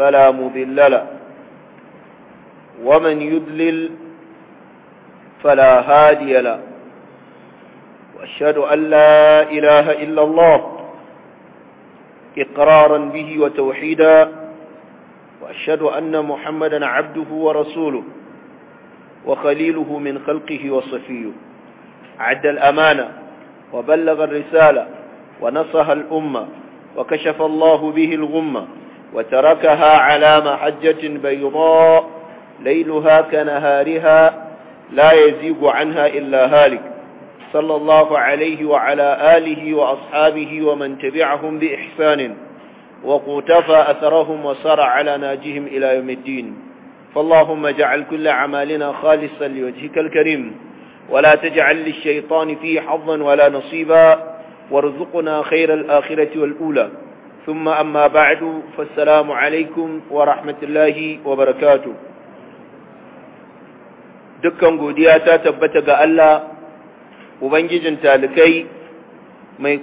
فلا مضل له ومن يضلل فلا هادي له واشهد ان لا اله الا الله اقرارا به وتوحيدا واشهد ان محمدا عبده ورسوله وخليله من خلقه وصفيه عد الامانه وبلغ الرساله ونصح الامه وكشف الله به الغمه وتركها على محجة بيضاء ليلها كنهارها لا يزيغ عنها إلا هالك صلى الله عليه وعلى آله وأصحابه ومن تبعهم بإحسان وقتفى أثرهم وسار على ناجهم إلى يوم الدين فاللهم اجعل كل عمالنا خالصا لوجهك الكريم ولا تجعل للشيطان فيه حظا ولا نصيبا وارزقنا خير الآخرة والأولى ثم أما بعد فالسلام عليكم ورحمة الله وبركاته دكان قدياتا تبتغى ألا mai تالكي mai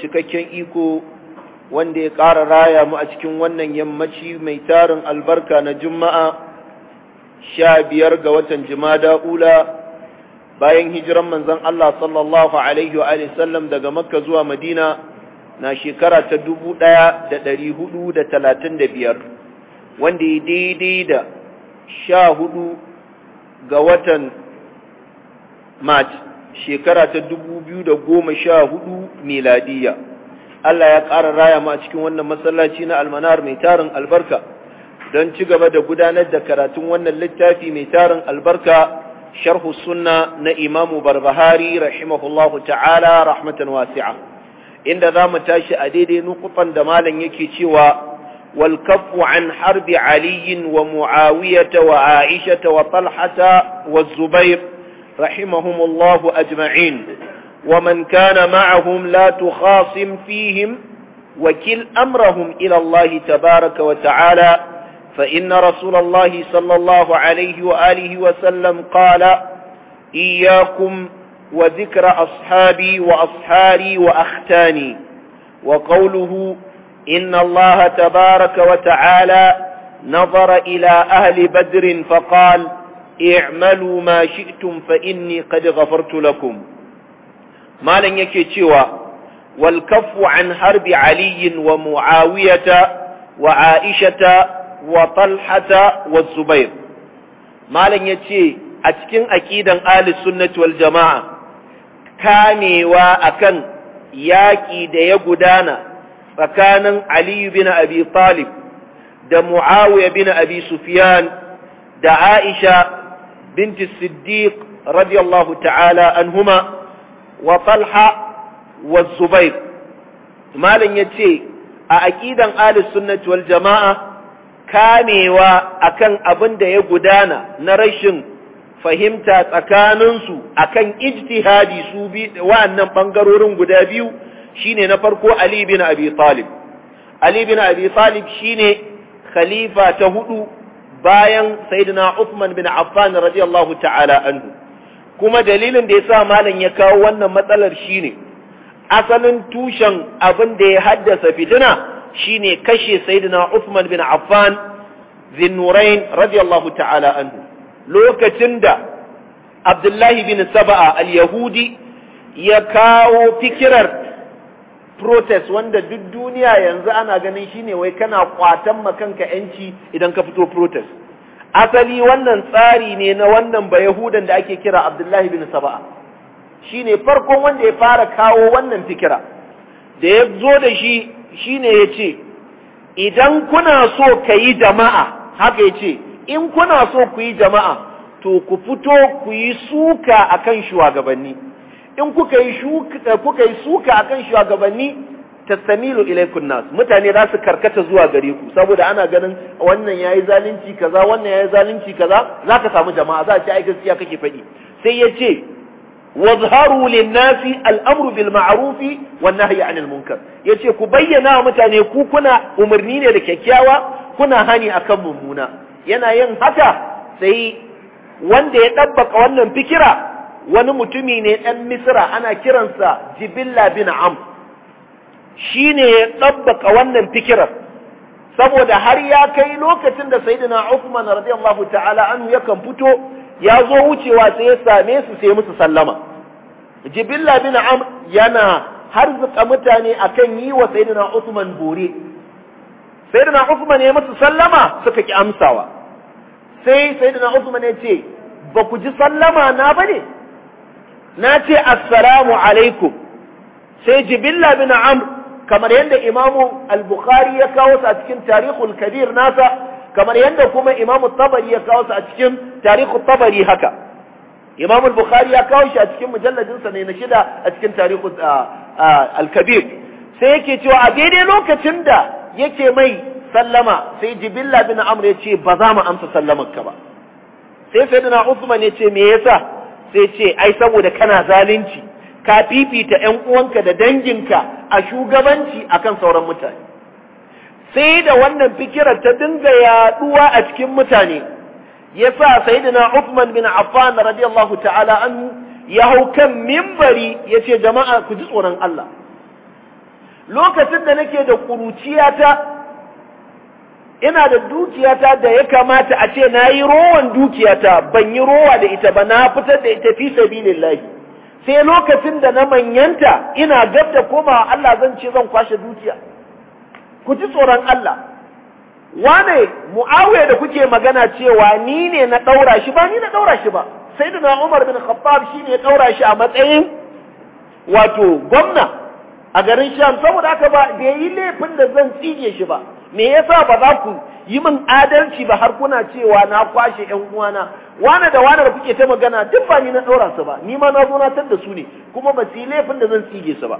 cikakken iko. wanda ya ƙara raya mu a cikin wannan yammaci mai tarin albarka na juma'a sha biyar ga watan jimada ula bayan hijiran manzon Allah sallallahu daga makka zuwa madina na shekara ta dubu ɗaya da ɗari hudu da talatin da biyar wanda ya daidai da sha hudu ga watan mat shekara ta dubu biyu da goma sha hudu miladiya Allah ya ƙara raya ma cikin wannan masallaci na almanar mai tarin albarka don ci gaba da gudanar da karatun wannan littafi mai tarin albarka sharhu sunna na imamu barbahari rahimahullahu ta'ala rahmatan wasi'a. inda za mu tashi a daidai nukutan da malam yake cewa wal kafu an harbi aliyin wa muawiyata wa aishata wa talhata wa zubair rahimahumullahu ajma'in wa man kana ma'ahum la tukhasim fihim amrahum ila Allah إلى wa ta'ala fa inna rasulallahi sallallahu صلى wa alihi wa sallam qala iyyakum وذكر أصحابي وأصحاري وأختاني وقوله إن الله تبارك وتعالى نظر إلى أهل بدر فقال اعملوا ما شئتم فإني قد غفرت لكم ما لن يكتوى والكف عن حرب علي ومعاوية وعائشة وطلحة والزبير ما لن يكتوى أتكن أكيدا آل السنة والجماعة kamewa akan yaƙi da ya gudana tsakanin Aliyu bin Abi Talib da Muawiya bin Abi Sufyan da Aisha binti Siddiq radiyallahu ta'ala anhuma wa Talha wa Zubair malam yace a aƙidan ahli sunnati wal jama'a kamewa akan abin da ya gudana na rashin fahimta tsakaninsu akan ijtihadi su bi wa'annan bangarorin guda biyu shine na farko Ali bin Abi Talib Ali bin Abi Talib shine khalifa ta hudu bayan Sayyidina Uthman bin Affan radiyallahu ta'ala anhu kuma dalilin da ya sa malam ya kawo wannan matsalar shine asalin tushen abin da ya haddasa fitina shine kashe Sayyidina Uthman bin Affan zinnurain radiyallahu ta'ala anhu lokacin da abdullahi bin saba'a al-yahudi ya kawo fikirar protest wanda duk duniya yanzu ana ganin shine wai kana kwatan makanka yanci idan ka fito protest asali wannan tsari ne na wannan ba yahudan da ake kira abdullahi bin saba'a shine farkon wanda ya fara kawo wannan fikira da ya zo da shi shine ya ce idan kuna so ka yi jama'a haka ya ce in kuna so ku yi jama'a to ku fito ku yi suka akan shugabanni in kuka yi eh, suka akan shugabanni tastamilu ilaikun nas mutane za su karkata zuwa gare ku saboda ana ganin wannan yi zalunci kaza wannan yi zalunci kaza ka samu jama'a za a ce ai gaskiya kake faɗi sai ya ce wazharu linnasi al'amru bil ma'arufi wan nahyi anil munkar ce ku bayyana mutane ku kuna umarni ne da kyakkyawa kuna hani akan mummuna yana yin haka sai wanda ya ɗabbaka wannan fikira wani mutumi ne ɗan misira ana kiransa jibilla bin am shi ne ya ɗabbaka wannan fikirar saboda har ya kai lokacin da sayidina Uthman radiyallahu ta'ala anhu yakan fito ya zo wucewa sai ya same su sai musu sallama jibilla bin am yana harzuka mutane akan yi wa sayidina Usman, bore sayidina Usman ya musu sallama suka ki amsawa sai sayyidina Uthman ya ce ba ku ji sallama na bane na ce assalamu alaikum sai jibilla bin amr kamar yadda imamu al-bukhari ya kawo su a cikin tarihul kabir nasa kamar yadda kuma imamu tabari ya kawo su a cikin tarihul tabari haka imamu al-bukhari ya kawo shi a cikin mujalladin sa ne na shida a cikin tarihul ah, ah, al-kabir sai yake cewa a daidai lokacin da yake mai sallama sai jibilla bin amr ya ce ba za mu amsa sallamar ba sai sayyidina usman ya ce me yasa sai ce ai saboda kana zalunci ka fifita ƴan uwanka da danginka a shugabanci akan sauran mutane sai da wannan fikirar ta dinga yaduwa a cikin mutane yasa sayyidina usman bin Affan radiyallahu ta'ala anhu ya hau kan mimbari ce jama'a ku ji tsoron Allah lokacin da nake da kuruciyata ina da dukiyata da ya kamata a ce na yi rowan dukiyata ban yi rowa da ita ba na fitar da ita fi lillahi sai lokacin da na manyanta ina gab da komawa Allah zan ce zan kwashe dukiya ku ji tsoron Allah wane mu'awiya da kuke magana cewa ni ne na daura shi ba ni na daura shi ba sayyidina Umar bin Khattab shi ne ya daura shi a matsayin wato gwamna a garin Sham saboda haka ba bai yi laifin da zan tsige shi ba me yasa ba za ku yi min adalci ba har kuna cewa na kwashe ƴan uwana wane da wane da kuke ta magana duk ba ni na ɗora su ba ni ma na zo na da su ne kuma ba su laifin da zan tsige su ba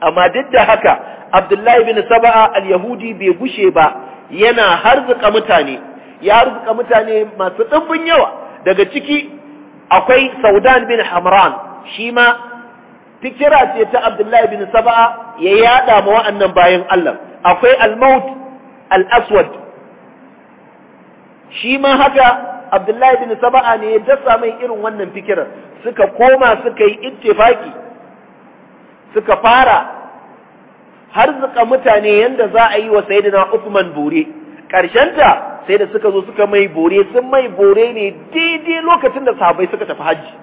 amma duk da haka Abdullahi bin Saba'a al-Yahudi bai gushe ba yana harzuka mutane ya harzuka mutane masu ɗimbin yawa daga ciki akwai Saudan bin Hamran shi ma fikira ce ta Abdullahi bin Saba'a ya yada ma wa'annan bayan Allah akwai al-maut al-aswad shi ma haka Abdullahi bin Saba'a ne ya dasa mai irin wannan fikirar suka koma suka yi ittifaki suka fara har zuka mutane yanda za a yi wa sayyidina Uthman bore ta sai da suka zo suka mai bore sun mai bore ne daidai lokacin da sahabbai suka tafi hajji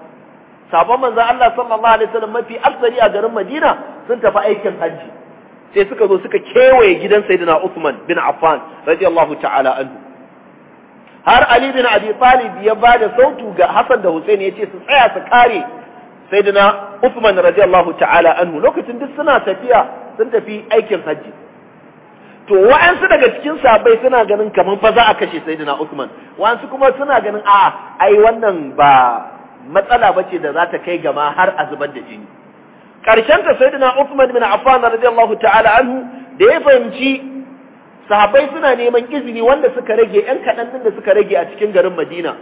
sabon manzon Allah sallallahu alaihi wasallam mafi afsari a garin Madina sun tafi aikin hajji sai suka zo suka kewaye gidan sayyidina Uthman bin Affan radiyallahu ta'ala anhu har Ali bin Abi Talib ya bada sautu ga Hassan da Hussein ce su tsaya su kare sayyidina Uthman radiyallahu ta'ala anhu lokacin duk suna tafiya sun tafi aikin hajji to wa'ansu daga cikin sabai suna ganin kamar fa za a kashe sayyidina Uthman wa'ansu kuma suna ganin a'a ai wannan ba matsala bace da za ta kai gama har a zubar da jini karshen ta sayyidina Uthman bin Affan radiyallahu ta'ala anhu da ya fahimci sahabbai suna neman izini wanda suka rage yan kaɗan din da suka rage a cikin garin Madina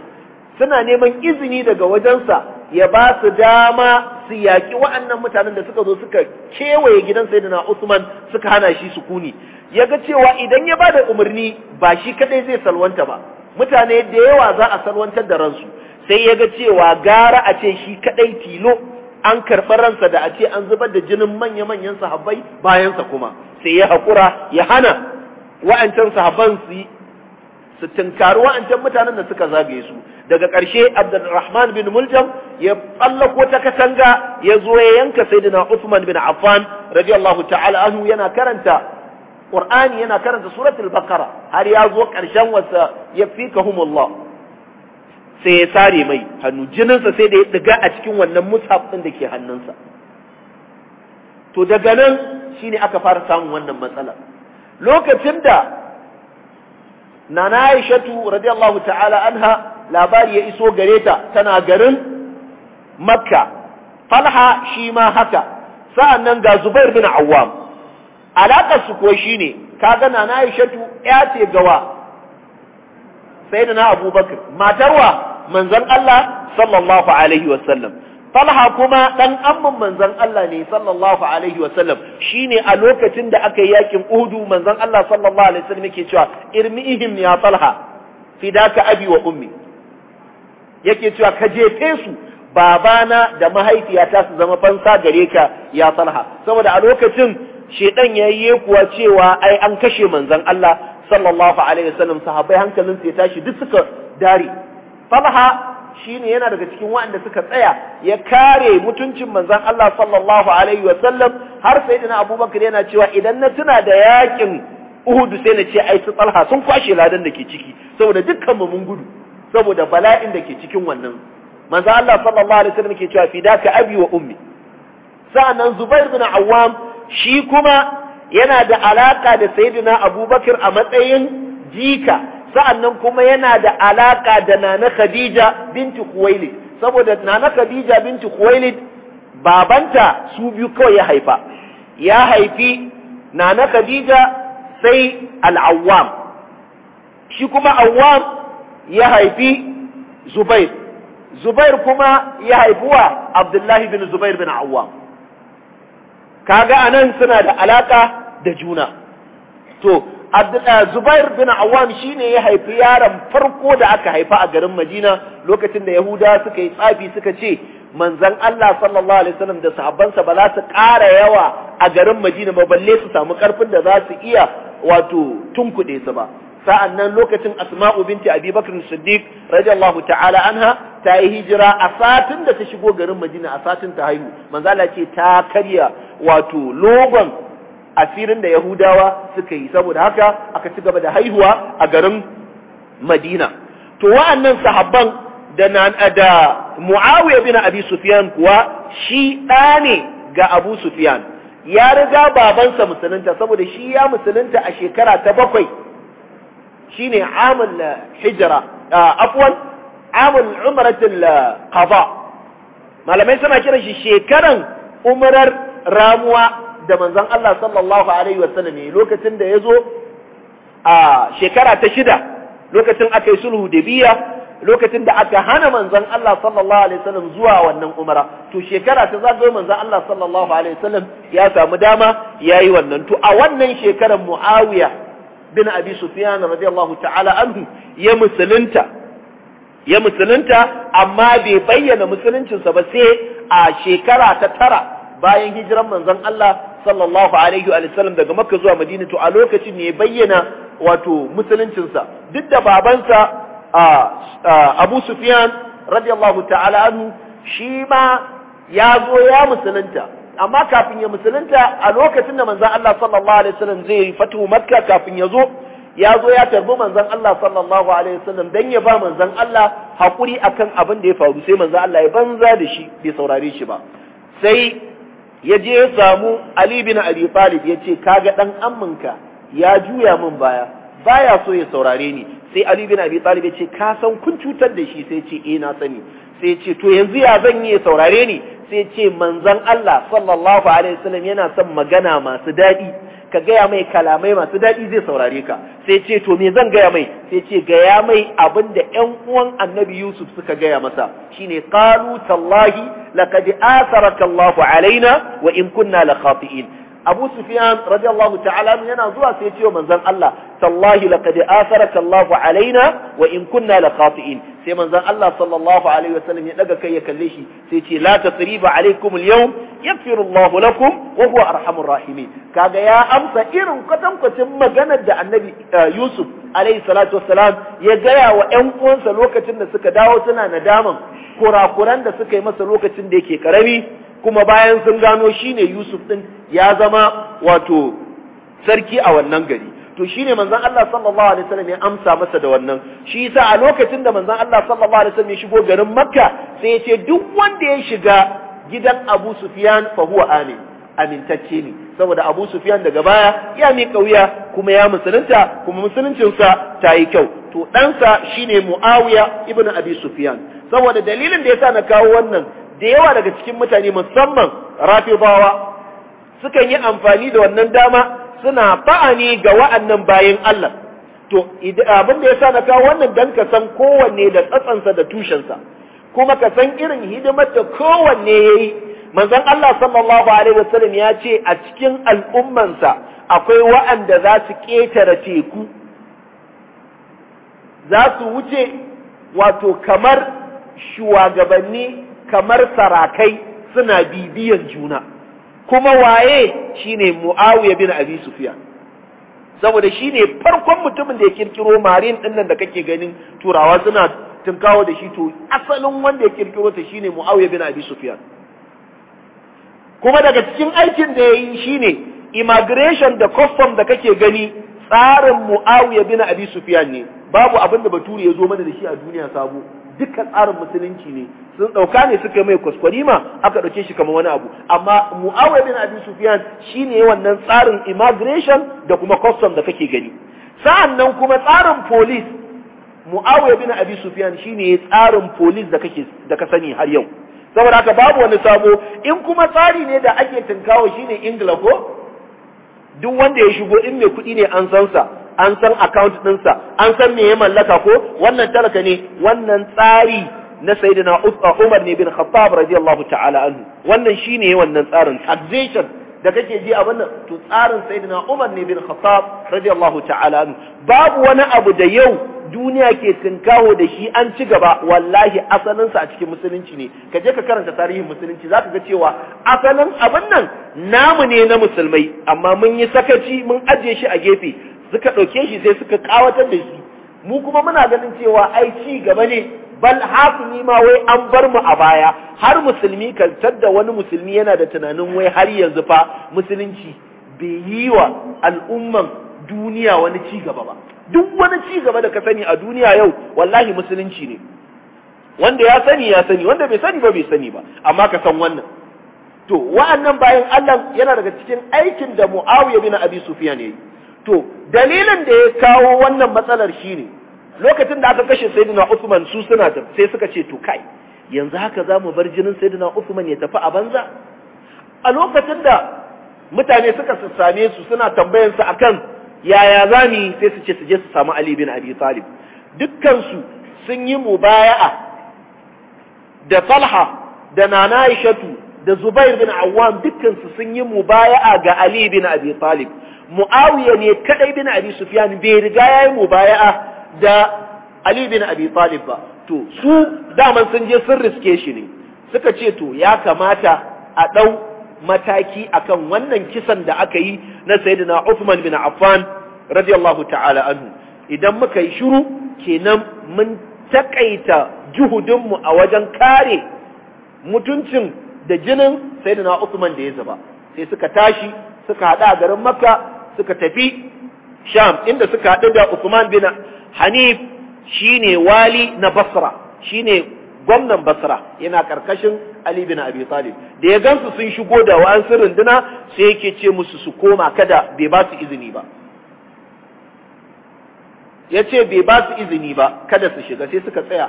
suna neman izini daga wajensa ya ba su dama su yaƙi wa'annan mutanen da suka zo suka kewaye gidan sayyidina Usman suka hana shi sukuni ya ga cewa idan ya bada umarni ba shi kadai zai salwanta ba mutane da yawa za a salwantar da ransu sai ya ga cewa gara a ce shi kadai tilo an karɓi ransa da a ce an zubar da jinin manya-manyan sahabbai bayansa kuma sai ya haƙura ya hana wa'ancan sahabban su su tunkari wa'ancan mutanen da suka zagaye su daga ƙarshe abdulrahman bin muljam ya tsallako ta katanga ya zo ya yanka sayyidina usman bin affan radiyallahu ta'ala anhu yana karanta qur'ani yana karanta suratul baqara har ya zo ƙarshen wasa yafika humullah sai ya sare mai hannu jininsa sai da ya daga a cikin wannan mushaf ɗin da ke hannunsa to daga nan shine aka fara samun wannan matsala lokacin da nana Aishatu radiyallahu ta'ala anha labari ya iso gare ta tana garin Makka Falha shi ma haka sa'an nan ga Zubair bin Awwam alakar su ko shine kaga nana Aishatu ya ce gawa sayyidina Abubakar matarwa manzon Allah sallallahu alaihi wasallam Talha kuma dan amman manzon Allah ne sallallahu alaihi wasallam shine a lokacin da aka yi yakin Uhudu manzon Allah sallallahu alaihi wasallam yake cewa irmihim ya Talha fidaka abi wa ummi yake cewa ka jefe su babana da mahaifiyata su zama fansa gare ka ya Talha saboda a lokacin shedan yayi kuwa cewa ai an kashe manzon Allah sallallahu alaihi wasallam sahabbai hankalin su ya tashi duk suka dare Talha ne yana daga cikin waɗanda suka tsaya ya kare mutuncin manzan Allah sallallahu alaihi wa sallam har saidina Abubakar yana cewa idan na tuna da yakin uhudu sai na ce ai su Talha sun kwashe ladan da ke ciki saboda dukkan mu mun gudu saboda bala'in da ke cikin wannan manzan Allah sallallahu alaihi wa ke cewa fidaka abi wa ummi sa'annan Zubair bin Awwam shi kuma yana da alaka da sayyidina Abubakar a matsayin jika sa'annan kuma yana da alaka da nana Khadija binti Khuwailid saboda nana Khadija binti Khuwailid babanta su biyu kawai ya haifa ya haifi nana Khadija sai al-Awwam shi kuma Awwam ya haifi Zubair Zubair kuma ya haifi wa Abdullahi bin Zubair bin Awwam kaga anan suna da alaka da juna to Eh, Zubair bin Awam shine ya haifi yaron farko da aka haifa a garin Madina lokacin da Yahuda suka yi tsafi suka ce manzon Allah sallallahu alaihi wasallam da sahabbansa ba za su ƙara yawa a garin Madina ba balle su samu ƙarfin da za su iya wato tunkuɗe su ba sa'an nan lokacin Asma'u binti Abi Bakr Siddiq radiyallahu ta'ala anha ta yi hijira a satin da ta shigo garin Madina a satin ta haihu manzala ce ta karya wato logon asirin da yahudawa suka yi saboda haka aka ci gaba da haihuwa a garin madina to wa'annan sahabban da da muawiya bin abi sufyan kuwa shi ɗa ne ga abu sufyan ya riga babansa musulunta saboda shi ya musulunta a shekara ta bakwai shine amul hijra afwan amul umratul qada malamai suna kiran shi shekaran umrar ramuwa da manzan Allah sallallahu alaihi wasallam lokacin da ya zo a shekara ta shida lokacin aka yi sulhu da biya lokacin da aka hana manzan Allah sallallahu alaihi wasallam zuwa wannan umara to shekara ta zagayo manzon Allah sallallahu alaihi wasallam ya samu dama yayi wannan to a wannan shekarar Muawiya bin Abi Sufyan radiyallahu ta'ala anhu ya musulunta ya musulunta amma bai bayyana musuluncinsa ba sai a shekara ta tara bayan hijiran manzon Allah sallallahu alaihi wa sallam daga makka zuwa madina to a lokacin ne ya bayyana wato musuluncinsa duk da babansa abu sufyan radiyallahu ta'ala anhu shi ma ya zo ya musulunta amma kafin ya musulunta a lokacin da manzon Allah sallallahu alaihi wasallam zai yi fatu makka kafin ya zo ya zo ya tarbi manzan Allah sallallahu alaihi wasallam dan ya ba manzan Allah hakuri akan abin da ya faru sai manzan Allah ya banza da shi bai saurare shi ba sai ya je ya samu Ali bin Abi Talib ya ce kaga dan amminka ya juya min baya baya so ya saurare ni sai Ali bin Abi Talib ya ce ka san kun cutar da shi sai ce eh na sani sai ce to yanzu ya zan yi saurare ni sai ce manzon Allah sallallahu alaihi wasallam yana son magana masu daɗi ka gaya mai kalamai masu daɗi zai saurare ka sai ce to me zan gaya mai sai ce gaya mai abin da ƴan uwan annabi Yusuf suka gaya masa shine qalu tallahi laqad atharaka Allah alaina wa in kunna la khati'in Abu Sufiyan radiyallahu ta'ala yana zuwa sai ya ce wa manzon Allah tallahi laqad atharaka Allahu alaina wa in kunna laqati'in sai manzon Allah sallallahu alaihi sallam ya daga kai ya kalle shi sai ce la tasriba alaikum al yaghfiru Allahu lakum wa huwa arhamur rahimin kaga ya amsa irin kwatankwacin maganar da Annabi eh, Yusuf alaihi salatu wassalam ya gaya wa ƴan uwansa lokacin da suka dawo suna nadaman kurakuran da suka yi masa lokacin da yake karami kuma bayan sun gano shi ne Yusuf ɗin ya zama wato sarki a wannan gari to shi ne manzan Allah sallallahu alaihi wasallam ya amsa masa da wannan shi yasa a lokacin da manzan Allah sallallahu alaihi wasallam ya shigo garin Makka sai ya ce duk wanda ya shiga gidan Abu Sufyan fa huwa amin amintacce ne saboda Abu Sufyan daga baya ya miƙa kauya kuma ya musulunta kuma musuluncinsa ta yi kyau to ɗansa shine Muawiya ibn Abi Sufyan saboda dalilin da ya sa na kawo wannan da yawa daga cikin mutane musamman rafibawa sukan yi amfani da wannan dama suna fa'ani ga wa'annan bayan Allah to abin da yasa na kawo wannan dan ka san kowanne da tsatsansa da tushensa kuma ka san irin hidimar da kowanne yayi manzon Allah sallallahu alaihi wasallam ya ce a cikin al'ummansa akwai wa'anda za su ketare teku za su wuce wato kamar shugabanni kamar sarakai suna bibiyan juna kuma waye shine Muawiya bin Abi Sufyan saboda shine farkon mutumin da ya kirkiro marin din nan da kake ganin turawa suna tunkawo da shi to asalin wanda ya kirkiro ta shine Muawiya bin Abi Sufyan kuma daga cikin aikin da yayi shine immigration da custom da kake gani tsarin Muawiya bin Abi Sufyan ne babu abin da Bature ya zo mana da shi a duniya sabo duka tsarin musulunci ne sun dauka ne suka mai kwaskwarima aka dauke shi kamar wani abu amma Muawiya bin Abi Sufyan shine wannan tsarin immigration da kuma custom da kake gani sa'annan kuma tsarin police Muawiya bin Abi Sufyan shine tsarin police da kake da ka sani har yau saboda haka babu wani sabo in kuma tsari ne da ake tinkawo shine Ingila ko duk wanda ya shigo in mai kuɗi ne an san sa an san account ɗinsa an san me ya mallaka ko wannan talaka ne wannan tsari na sayyidina uh, Umar ne bin Khattab radiyallahu ta'ala anhu wannan shine wannan tsarin taxation da kake ji abin nan to tsarin sayyidina Umar ne bin Khattab radiyallahu ta'ala anhu babu wani abu da yau duniya ke tinkaho da shi an ci gaba wallahi asalinsa a cikin musulunci ne ka je ka karanta tarihin musulunci za ka ga cewa asalin abin nan namu ne na musulmai amma mun yi sakaci mun aje shi a gefe suka ɗauke shi sai suka ƙawatar da shi mu kuma muna ganin cewa ai ci gaba ne bal hafi ma wai an bar mu a baya har musulmi kaltar da wani musulmi yana da tunanin wai har yanzu fa musulunci bai yi wa al'umman duniya wani ci gaba ba duk wani ci gaba da ka sani a duniya yau wallahi musulunci ne wanda ya sani ya sani wanda bai sani ba bai sani ba amma ka san wannan to wa'annan bayan Allah yana daga cikin aikin da Muawiya bin Abi Sufyan yayi to dalilin da ya kawo wannan matsalar shi ne, lokacin da aka kashe saidina usman su suna da sai suka ce to kai yanzu haka za mu bar jinin saidina Usman ya tafi a banza a lokacin da mutane suka sassame su suna tambayan su akan yaya za mu sai su ce su je su samu Ali bin Abi Talib dukkan su sun yi mubaya'a da Talha da Nana Aishatu da Zubair bin Awwam dukkan su sun yi mubaya'a ga Ali bin Abi Talib muawiya ne kadai bin abi sufyan bai riga ya yi mubaya'a da ali bin abi talib ba to su daman sun je sun riske shi ne suka ce to ya kamata a dau mataki akan wannan kisan da aka yi na sayyidina Uthman bin Affan radiyallahu ta'ala anhu idan muka yi shiru kenan mun takaita juhudinmu a wajen kare mutuncin da jinin sayyidina Uthman da ya zuba sai suka tashi suka hada a garin Makka suka tafi sham inda suka haɗu da Usman bin Hanif shine wali na Basra shine gwamnan Basra yana karkashin Ali bin Abi Talib da ya gansu sun shigo da wa'ansu runduna sai yake ce musu su koma kada bai ba su izini ba ya ce bai ba su izini ba kada su shiga sai suka tsaya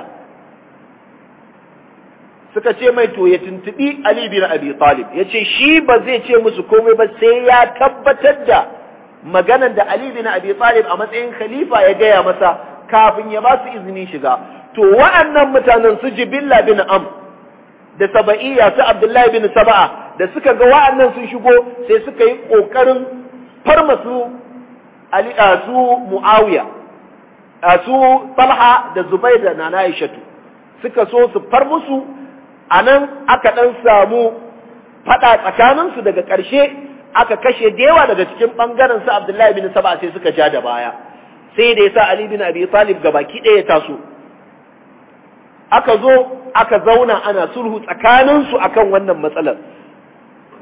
suka ce mai to ya tuntubi Ali bin Abi Talib ya ce shi ba zai ce musu komai ba sai ya tabbatar da maganan da Ali bin Abi Talib a matsayin khalifa ya gaya masa kafin ya ba su izini shiga to wa'annan mutanen su Jibilla bin Am da Sabaiya su Abdullahi bin Saba'a da suka ga wa'annan sun shigo sai suka yi kokarin farma su Ali su Muawiya su Talha da Zubair da Nana Aishatu suka so su far musu anan aka dan samu fada tsakaninsu daga ƙarshe aka kashe dewa daga cikin bangaren sa Abdullahi bin Saba sai suka ja da baya sai da yasa Ali bin Abi Talib gabaki ɗaya ya taso aka zo aka zauna ana sulhu tsakanin su akan wannan matsalar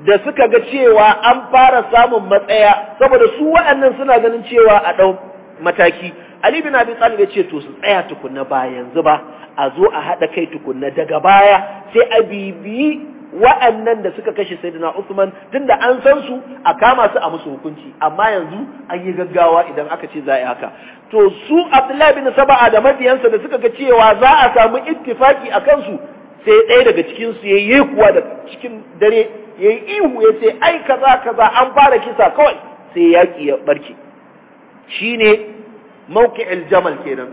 da suka ga cewa an fara samun matsaya saboda su waɗannan suna ganin cewa a ɗau mataki Ali bin Abi Talib ya ce to su tsaya tukunna ba yanzu ba a zo a haɗa kai tukunna daga baya sai a bibiyi wa'annan da suka kashe sayyidina Usman tunda an san su a kama su a musu hukunci amma yanzu an yi gaggawa idan aka ce za a yi haka to su Abdullahi bin Saba'a da mabiyansa da suka ga cewa za a samu ittifaki a kansu sai ɗaya daga cikin su yayi kuwa da cikin dare yayi ihu ya ce ai kaza kaza an fara kisa kawai sai yaki ya barke shine mawqi'il jamal kenan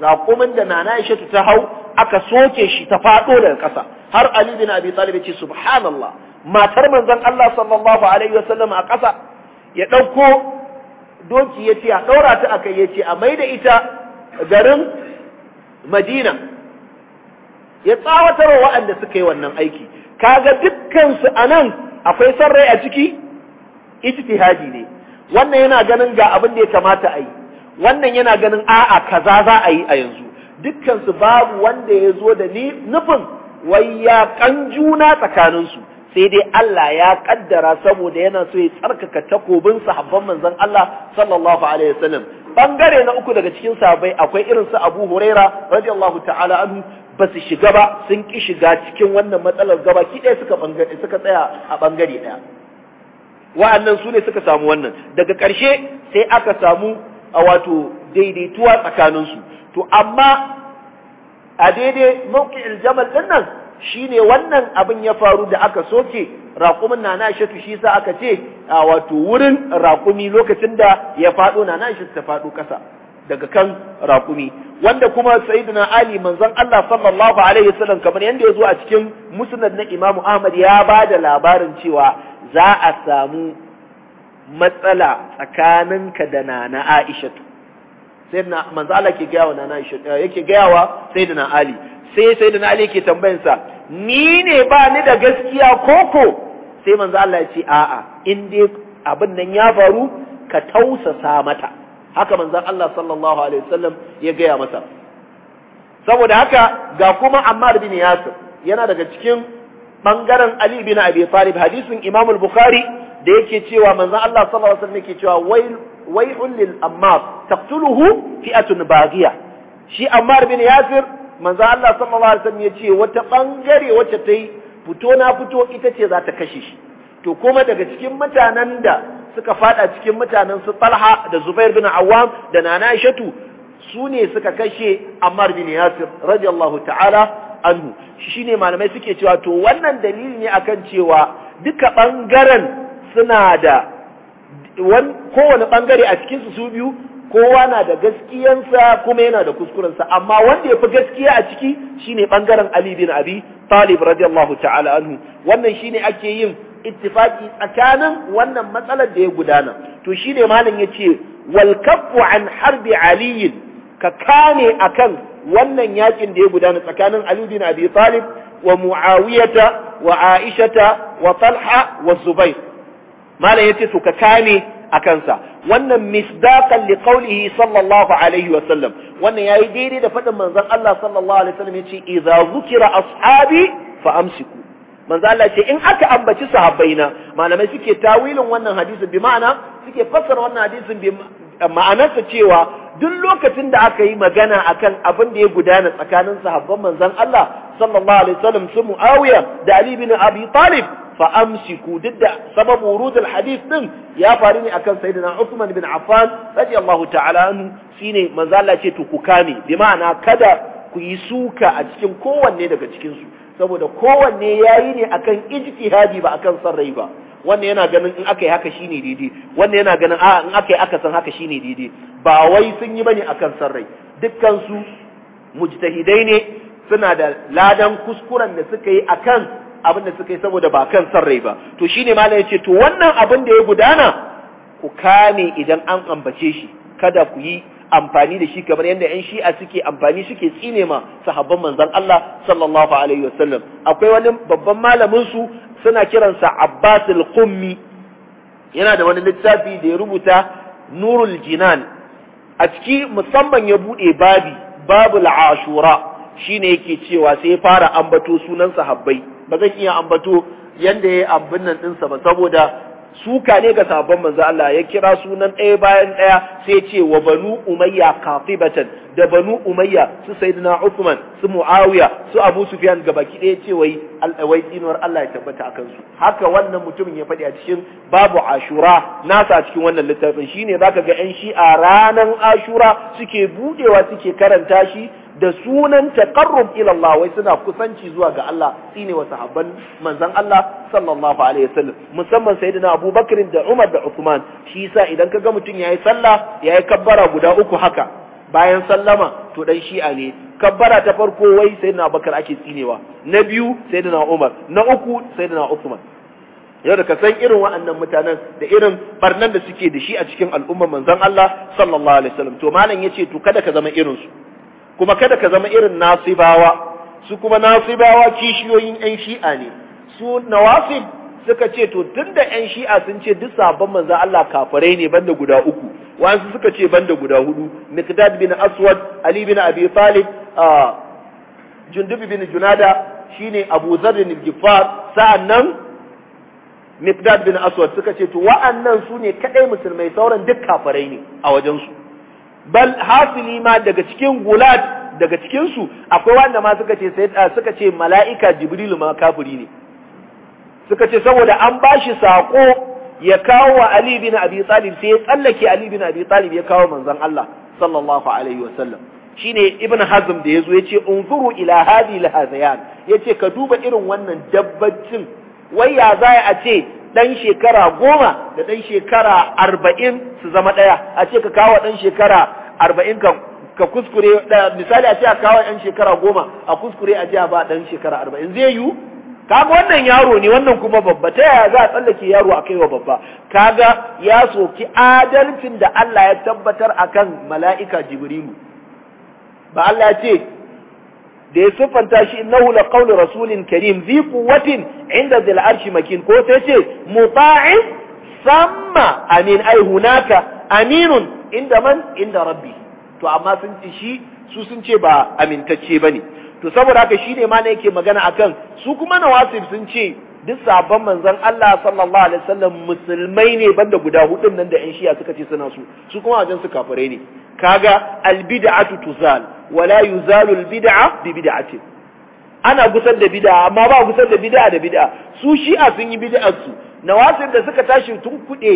raƙumin da nana Aisha ta hau aka soke shi ta faɗo daga ƙasa har Ali bin Abi Talib ce subhanallah matar manzon Allah sallallahu alaihi wasallam a ƙasa ya ɗauko doki ya ce a ɗaura ta akai ya ce a mai da ita garin Madina ya tsawatar wa waɗanda suka yi wannan aiki kaga dukkansu a nan akwai son rai a ciki ijtihadi ne wannan yana ganin ga abin da ya kamata a yi wannan yana ganin a'a kaza za a yi a yanzu dukkansu babu wanda ya zo da ni nufin wai ya kan juna tsakaninsu sai dai Allah ya kaddara saboda yana so ya tsarkaka takobin sahabban manzon Allah sallallahu alaihi wasallam bangare na uku daga cikin sahabbai akwai irin su Abu Huraira radiyallahu ta'ala anhu ba su shiga ba sun ki shiga cikin wannan matsalar gaba ki dai suka bangare suka tsaya a bangare daya wa'annan su ne suka samu wannan daga karshe sai aka samu a wato daidaituwa tsakaninsu to amma a daidai mawqi'il Aljamal din nan shine wannan abin ya faru da aka soke raƙumin na shatu shi sa aka ce a wato wurin raƙumi lokacin da ya faɗo na shatu ta faɗo ƙasa daga kan raƙumi wanda kuma sayyidina ali manzon Allah sallallahu alaihi wasallam kamar yanda ya zo a cikin musnad na imamu Ahmad ya ba da labarin cewa za a samu matsala tsakaninka da nana Aisha. sayyidina manzo Allah ke gaya wa nana Aisha eh, yake gaya wa sayyidina Ali sai sayyidina Ali yake tambayan sa ni ne ba ni da gaskiya koko sai manzo Allah ya ce a'a in dai abin nan ya faru ka tausasa mata haka manzo Allah sallallahu alaihi wasallam ya gaya masa saboda haka ga kuma Ammar bin Yasir yana daga cikin bangaren Ali bin Abi Talib hadisin Imam al-Bukhari da yake cewa manzo Allah sallallahu alaihi wasallam yake cewa wail wai'un lil ammar taqtuluhu fi'atun baghiya shi ammar bin yasir manzo Allah sallallahu alaihi wasallam yace wata bangare wacce tai fito na fito ita ce za ta kashe shi to kuma daga cikin mutanen da suka fada cikin mutanen su Talha da Zubair bin Awwam da Nana Aishatu su ne suka kashe Ammar bin Yasir radiyallahu ta'ala anhu shine malamai suke cewa to wannan dalili ne akan cewa duka bangaren suna da kowane bangare a cikinsu su biyu kowa na da gaskiyansa kuma yana da kuskurensa amma wanda ya fi gaskiya a ciki shine bangaren Ali bin Abi Talib radiyallahu ta'ala anhu wannan shine ake yin ittifaki tsakanin wannan matsalar da ya gudana to shine malam yace wal kaffu an harbi Ali ka kane akan wannan yakin da ya gudana tsakanin Ali bin Abi Talib wa Muawiyata wa Aishata wa Talha wa Zubair malam yace to ka kame a kansa wannan misdaqan li qawlihi sallallahu alaihi wa sallam wannan yayi daidai da fadin manzon Allah sallallahu alaihi wa sallam yace idza zukira ashabi fa amsiku manzo Allah ce in aka ambaci sahabbaina malamai suke tawilin wannan hadisin bi ma'ana suke fassara wannan hadisin ma'anarsa cewa duk lokacin da aka yi magana akan abin da ya gudana tsakanin sahabban manzon Allah sallallahu alaihi wasallam su Muawiya da Ali bin Abi Talib fa amsiku duk da sabab wurud alhadith din ya faru ne akan sayyidina Uthman bin Affan radiyallahu ta'ala anhu shine manzon Allah ce to ku kame bi ma'ana kada ku yi suka a cikin kowanne daga cikin su saboda kowanne yayi ne akan ijtihadi ba akan sarrai ba wannan yana ganin in aka yi haka shine daidai wannan yana ganin a in aka yi aka san haka shine daidai ba wai sun yi bane akan san rai dukkan mujtahidai ne suna da ladan kuskuren da suka yi akan abin da suka yi saboda ba kan san rai ba to shine malam yace to wannan abin da ya gudana ku kame idan an ambace shi kada ku yi amfani da shi kamar yadda yan shi'a suke amfani suke tsine ma sahabban manzon Allah sallallahu alaihi wasallam akwai wani babban malamin su suna kiransa Abbas al-Qummi yana da wani littafi da ya rubuta Nurul Jinan a ciki musamman ya bude babi babu ashura shine yake cewa sai ya fara ambato sunan sahabbai ba zan iya ambato yadda ya abin nan ɗinsa ba saboda suka ne ga sabon manzo Allah ya kira sunan ɗaya bayan ɗaya sai ce wa banu umayya kafibatan da banu umayya su sayyidina Uthman su Muawiya su Abu Sufyan ga baki ɗaya ce wai alwai dinuwar Allah ya tabbata akan su haka wannan mutumin ya faɗi a cikin babu Ashura nasa a cikin wannan littafin shine zaka ga ƴan a ranan Ashura suke budewa suke karanta shi da sunan taqarrub ila Allah wai suna kusanci zuwa ga Allah shine wa sahabban manzon Allah sallallahu alaihi wasallam musamman sayyidina Abubakar da Umar da Uthman shi yasa idan kaga mutum yayi sallah yayi kabbara guda uku haka bayan sallama to dan shi a ne kabbara ta farko wai sayyidina Abubakar ake tsinewa na biyu sayyidina Umar na uku sayyidina Uthman yau da ka san irin wa'annan mutanen da irin barnan da suke da shi a cikin al'ummar manzon Allah sallallahu alaihi wasallam to malam yace to kada ka zama irin su kuma kada ka zama irin nasibawa su kuma nasibawa kishiyoyin yan shi'a ne su nawasib suka ce to tunda yan shi'a sun ce duk sabon manzo Allah kafare ne banda guda uku wasu suka ce banda guda hudu Miqdad bin Aswad Ali bin Abi Talib Jundub bin Junada shine Abu Dharr bin Gifar sa'annan Miqdad bin Aswad suka ce to wa'annan su ne kadai musulmai sauran duk kafare ne a wajen su bal hafili ma daga cikin gulat daga cikinsu akwai wanda ma suka ce ah, suka ce mala'ika jibril ma kafiri ne suka ce saboda an bashi sako ya kawo wa ali bin abi talib sai ya tsallake ali bin abi talib ya kawo manzon Allah sallallahu alaihi wasallam shine ibn hazm da yazo yace unzuru ila hadhihi alhazayan yace ka duba irin wannan dabbacin wai ya za a ce ɗan shekara goma da ɗan shekara arba'in su zama ɗaya a ce ka kawo ɗan shekara arba'in ka kuskure misali a ce a kawo ɗan shekara goma a kuskure a ce a ba ɗan shekara arba'in zai yiwu kaga wannan yaro ne wannan kuma babba ta yaya za a tsallake yaro a kai wa babba kaga ya soki adalcin da Allah ya tabbatar akan mala'ika jibrilu ba Allah ya ce da ya siffanta shi innahu la kauna rasulin karim zi quwwatin inda zil arshi makin ko sai ce muta'in samma amin ai hunaka aminun inda man inda rabbi to amma sun ce shi su sun ce ba amintacce bane to saboda haka shine ma ne yake magana akan su kuma nawasib sun ce duk sabon manzon Allah sallallahu alaihi wasallam musulmai ne banda guda hudun nan da yan shiya suka ce suna su su kuma wajen su kafirai ne kaga albid'atu tuzal wala yuzalu albid'a bi bid'atin ana gusar da bid'a amma ba gusar da bid'a da bid'a su shi'a sun yi bid'ar su nawasir da suka tashi tun kuɗe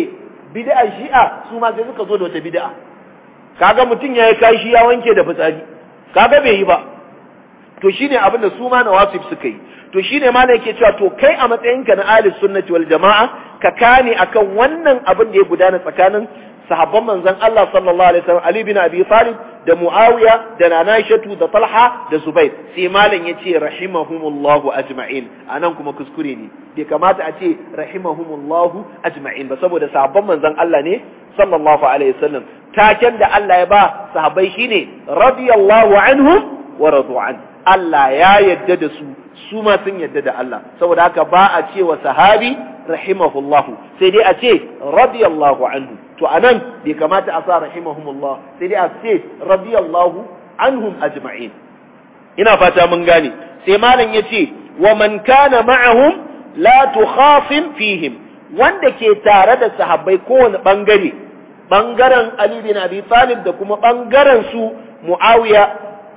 bid'ar shi'a su ma sai suka zo da wata bid'a kaga mutum ya yi kashi ya wanke da fitsari kaga bai yi ba to shine abin da su ma nawasib suka yi to shine ma ne yake cewa to kai a matsayinka na ahlus sunnati wal jama'a ka kane akan wannan abin da ya gudana tsakanin sahabban manzon Allah sallallahu alaihi wasallam Ali bin Abi Talib da Muawiya da nanaishatu da Talha da Zubair sai malam yace rahimahumullahu ajma'in anan kuma kuskure ne bai kamata a ce rahimahumullahu ajma'in ba saboda sahabban manzon Allah ne sallallahu alaihi wasallam taken da Allah ya ba sahabbai shine radiyallahu anhum wa radu an Allah ya yadda da su su ma sun yadda da Allah saboda haka ba a ce wa sahabi rahimahullahu sai dai a ce radiyallahu anhu to anan bai kamata a sa rahimahumullah sai dai a ce radiyallahu anhum ajma'in ina fata mun gane sai malam yace wa man kana ma'ahum la tukhafim fihim wanda ke tare da sahabbai kowane bangare bangaren Ali bin Abi Talib da kuma bangaren su Muawiya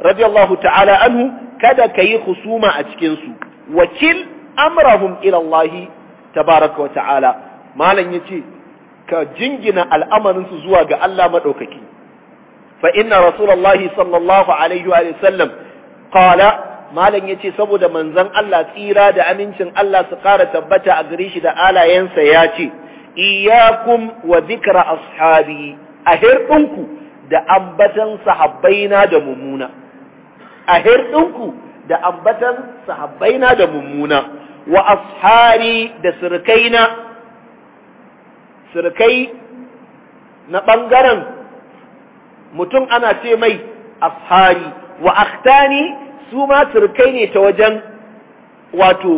radiyallahu ta'ala anhu kada ka yi husuma a cikinsu wakil amrahum ilallahi tabaraka wa ta'ala malam ya ce ka jingina al'amarinsu zuwa ga Allah maɗaukaki fa inna rasulullahi sallallahu alaihi wa sallam qala malam yace saboda manzon Allah tsira da amincin Allah su ƙara tabbata a gare shi da alayensa ya ce iyakum wa dhikra ashabi a hirɗinku da ambatan sahabbaina da mummuna a hirɗinku da ambatan sahabbaina da mummuna wa ashari da surkaina surkai na ɓangaren mutum ana ce mai ashari wa akhtani su ma surkai ne ta wajen wato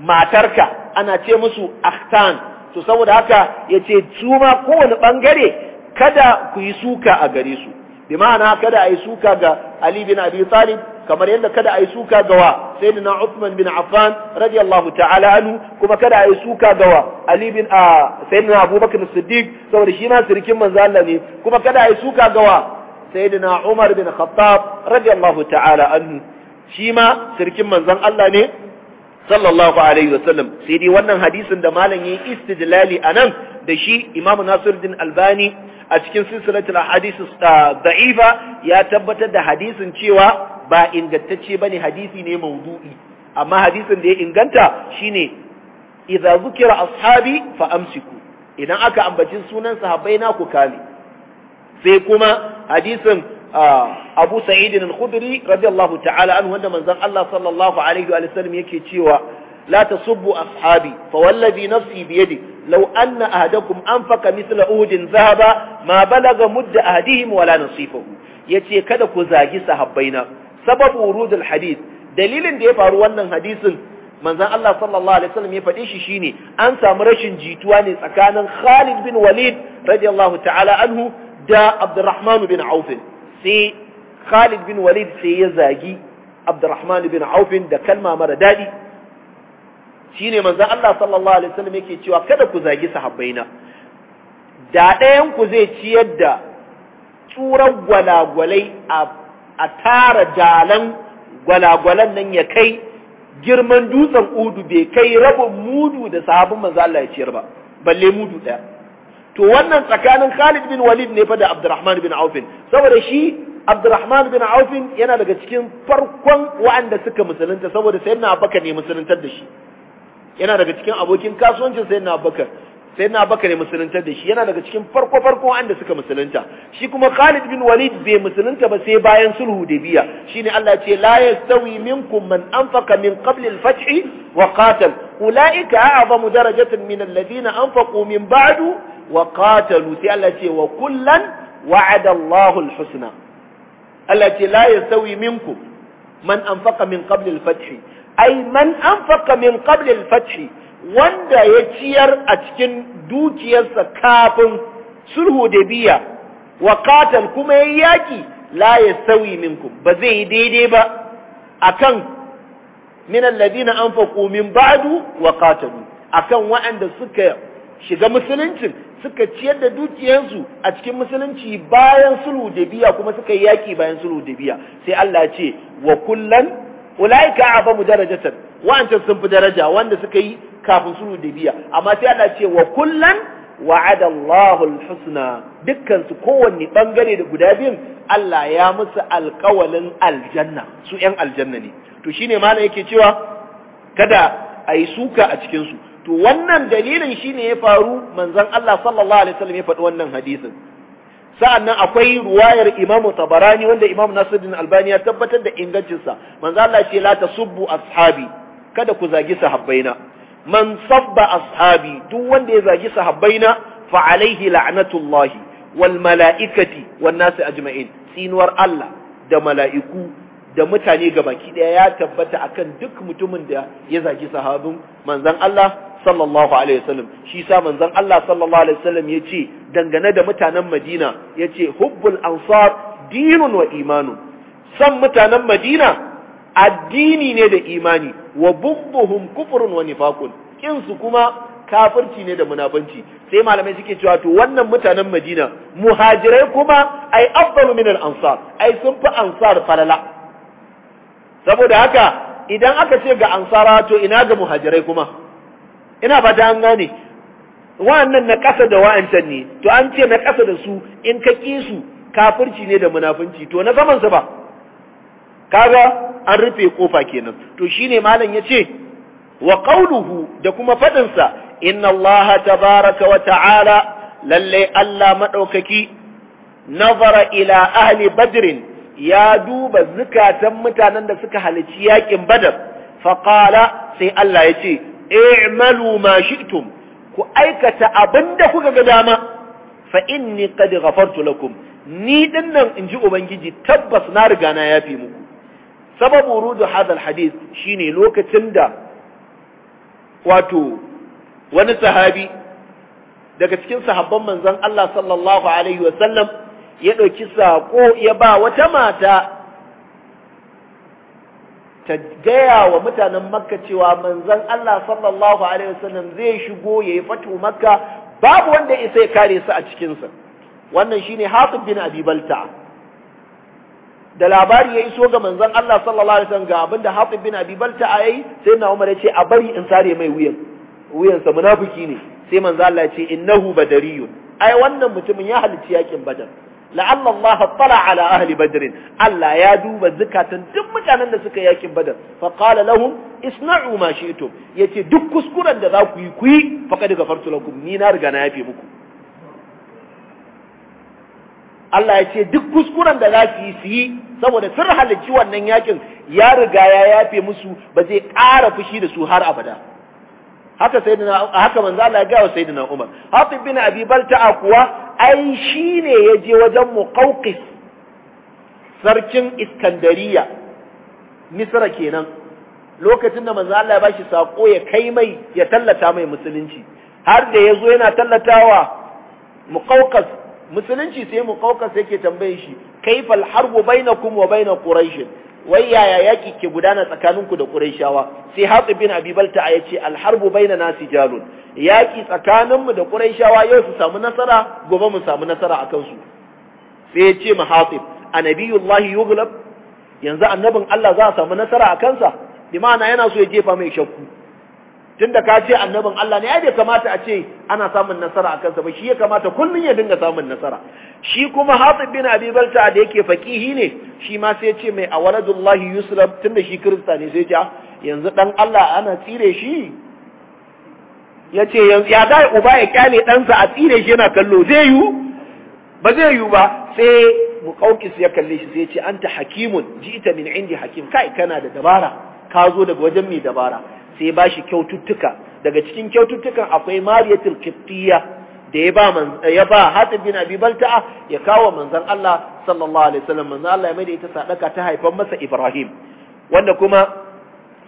matarka ana ce musu akhtan to saboda haka ya ce su ma kowane ɓangare kada ku yi suka a gare su bi ma'ana kada a yi suka ga Ali bin Abi Talib kamar yadda kada a yi suka gawa sayyidina Uthman bin Affan radiyallahu ta'ala anhu kuma kada a yi suka gawa Ali bin a sayyidina Abubakar Siddiq saboda shi ma sirkin manzo Allah ne kuma kada a yi suka gawa sayyidina Umar bin Khattab radiyallahu ta'ala anhu shi ma sirkin manzon Allah ne sallallahu alaihi wasallam sai dai wannan hadisin da malam yayi istidlali anan da shi Imam Nasiruddin Albani a cikin silsilatul hadisi da'ifa ya tabbatar da hadisin cewa ba ingantacce bane hadisi ne maudu'i amma hadisin da ya inganta shine idza zukira ashabi fa amsiku idan aka ambaci sunan sahabbai na ku kame sai kuma hadisin Abu Sa'id al-Khudri radiyallahu ta'ala anhu wanda manzon Allah sallallahu alaihi wa sallam yake cewa لا تسبوا أصحابي فوالذي نفسي بيدي لو أن أهدكم أنفق مثل أهد ذهبا ما بلغ مد أهدهم ولا نصيفه يتي كذا كزاجي صحبينا sababu wurudul hadith dalilin da ya faru wannan hadisin manzon Allah sallallahu alaihi wasallam ya faɗi shi shine an samu rashin jituwa ne tsakanin Khalid bin Walid radiyallahu ta'ala anhu da Abdurrahman bin Auf sai Khalid bin Walid sai ya zagi Abdurrahman bin Auf da kalma mara dadi shine manzon Allah sallallahu alaihi wasallam yake cewa kada ku zagi sahabbaina da ɗayan ku zai ciyar da tsuran gwalagwalai a a tara dalan gwalagwalan nan ya kai girman dutsen udu bai kai rabin mudu da sahabin manzo Allah ya ciyar ba balle mudu daya to wannan tsakanin Khalid bin Walid ne fa da Abdurrahman bin Auf saboda shi Abdurrahman bin Auf yana daga cikin farkon waɗanda suka musulunta saboda sayyidina Abubakar ne musuluntar da shi yana daga cikin abokin kasuwancin sayyidina Abubakar sai na baka ne musulunta da shi yana daga cikin farko farko wanda suka musulunta shi kuma Khalid bin Walid bai musulunta ba sai bayan sulhu da biya shine Allah ce la yastawi minkum man anfaqa min qabl al-fath wa qatal ulaika a'zamu darajatan min alladhina anfaqu min ba'du wa qatalu sai Allah ce wa kullan wa'ada Allahu al-husna Allah ce la yastawi minkum man anfaqa min qabl al-fath ay man anfaqa min qabl al-fath wanda ya ciyar a cikin dukiyarsa kafin sulhu da biya wa katal kuma ya yaki la ya sauyi minku ba zai yi daidai ba a akan na an faƙo min ba'du wa a kan waɗanda suka shiga musuluncin suka ciyar da dukiyarsu a cikin musulunci bayan sulhu da biya kuma suka yi yaki bayan sulhu da biya sai Allah ce wa kullan ulaika abamu darajatan wa'ancan sun fi daraja wanda suka yi kafin sulhu biya amma sai Allah ce wa kullan wa'ada Allahu al-husna dukkan su kowanne bangare da guda biyun Allah ya musu alƙawalin aljanna su ƴan aljanna ne to shine malam yake cewa kada a yi suka a cikin su to wannan dalilin shine ya faru manzon Allah sallallahu alaihi wasallam ya faɗi wannan hadisin sa'annan akwai ruwayar Imam Tabarani wanda Imam Nasiruddin Albani ya tabbatar da ingancinsa manzo Allah ce la tasubbu ashabi kada ku zagi sahabbaina man sabba ashabi duk wanda ya zagi sahabbaina fa alaihi la'natullahi wal mala'ikati wan nasi ajma'in tsinuwar Allah da mala'iku da mutane gabaki daya ya tabbata akan duk mutumin da ya zagi sahabin manzon Allah sallallahu alaihi wasallam shi sa manzon Allah sallallahu alaihi wasallam yace dangane da mutanen Madina yace hubbul ansar dinun wa imanun san mutanen Madina addini ne da imani wa bughdhum kufrun wa nifaqun kin su kuma kafirci ne da munafanci sai malamai suke cewa to wannan mutanen Madina muhajirai kuma ai afdalu min al-ansar ai sun fi ansar falala saboda haka idan aka ce ga ansara to ina ga muhajirai kuma ina fata an gane wa'annan na kasa da wa'ancan ne to an ce na kasa da su in ka kisu kafirci ne da munafanci to na zaman su ba kaga an rufe kofa kenan to shine malam yace wa qawluhu da kuma fadin sa inna allaha tabaraka wa ta'ala lalle allah madaukaki nazara ila ahli badrin ya duba zukatan mutanen da suka halici yakin badar faqala sai allah yace i'malu ma shi'tum ku aikata abinda kuka ga dama fa inni qad ghafartu lakum ni dinnan inji ubangiji tabbas na riga na yafi muku sababu rudu hadal hadith shine lokacin da wato wani sahabi daga cikin sahabban manzon Allah sallallahu alaihi ya ɗauki saƙo ya ba wata mata ta gaya wa mutanen makka cewa manzon Allah sallallahu alaihi zai shigo ya yi fatu makka babu wanda isa ya kare su a cikinsa wannan shine hatib bin abi da labari ya iso ga manzon Allah sallallahu alaihi wasallam ga abinda Hatib bin Abi Balta yayi sai na Umar ya ce a bari in sare mai wuyan wuyansa munafiki ne sai manzon Allah ya ce innahu badariyun ai wannan mutumin ya halici yakin Badar la'alla Allah tala ala ahli Badr Allah ya duba zakatan duk mutanen da suka yakin Badar fa qala lahum isna'u ma shi'tum yace duk kuskuren da za ku yi ku yi faqad gafartu lakum ni na riga na yafe muku Allah ya ce duk kuskuren da za su yi su yi saboda sun halicci wannan yakin ya riga ya yafe musu ba zai ƙara fushi da su har abada haka sayyidina haka manzo Allah ya ga wa sayyidina Umar Hatib bin Abi Balta'a kuwa ai shine ya je wajen Muqawqis sarkin Iskandariya Misra kenan lokacin da manzo Allah ya bashi sako ya kai mai ya tallata mai musulunci har da yazo yana tallatawa Muqawqis musulunci sai mu kaukas yake tambaye shi kaifal harbu bainakum wa bainal quraish wai yaya yaki ke gudana tsakaninku da quraishawa sai hatib bin abibalta ya ce al harbu bainana sijalun yaki tsakaninmu da quraishawa yau su samu nasara gobe mu samu nasara akan su sai ya ce mu hatib anabiyullahi yughlab yanzu annabin Allah za a samu nasara akan sa bi ma'ana yana so ya jefa mai shakku tunda ka ce annabin Allah ne ai bai kamata a ce ana samun nasara a kansa ba shi ya kamata kullun ya dinga samun nasara shi kuma Hatib bin Abi Balta da yake faqihi ne shi ma sai ya ce mai awaladullahi yuslab tunda shi Kirista ne sai ya ah, yanzu dan Allah ana tsire shi yace yanzu ya da uba ya kyale ɗansa a tsire shi yana kallo zai yiwu ba zai yiwu ba sai muƙaukis ya kalle shi sai ce anta hakimun jita min indi hakim kai kana da dabara ka zo daga wajen mai dabara sai ba shi kyaututtuka daga cikin kyaututtukan akwai mariyatul qibtiyya da ya ba man ya ba Hatib bin Abi Balta'a ya kawo manzon Allah sallallahu alaihi wasallam manzon Allah ya mai da ita sadaka ta haifan masa Ibrahim wanda kuma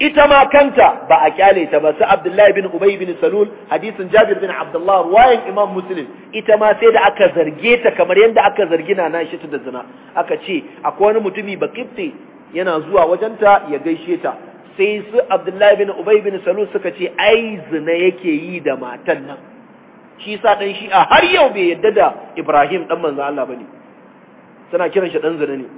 ita ma kanta ba a kyale ta ba su Abdullahi bin Ubay bin Salul hadisin Jabir bin Abdullah ruwayan Imam Muslim ita ma sai da aka zarge ta kamar yadda aka zargi na shi ta da zina aka ce akwai wani mutumi kifte yana zuwa wajenta ya gaishe ta sai su abdullahi bin ubay bin salul suka ce ai zina yake yi da matan nan shi sa dan shi'a har yau bai yadda da ibrahim dan manzo Allah bane suna kiran shi dan zina ne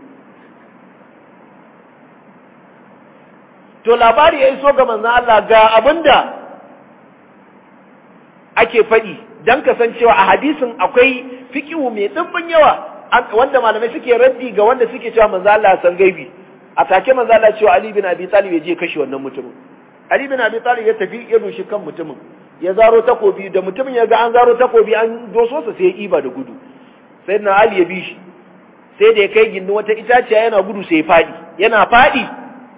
to labari ya iso ga manzo Allah ga abinda ake faɗi dan kasancewa a hadisin akwai fikihu mai dimbin yawa wanda malamai suke raddi ga wanda suke cewa manzo Allah san gaibi a take manzo Allah cewa Ali bin Abi Talib ya je kashe wannan mutumin Ali bin Abi Talib ya tafi ya dushi kan mutumin ya zaro takobi da mutumin ya ga an zaro takobi an doso sa sai ya iba da gudu sai na Ali ya bi shi sai da ya kai gindin wata itaciya yana gudu sai ya fadi yana fadi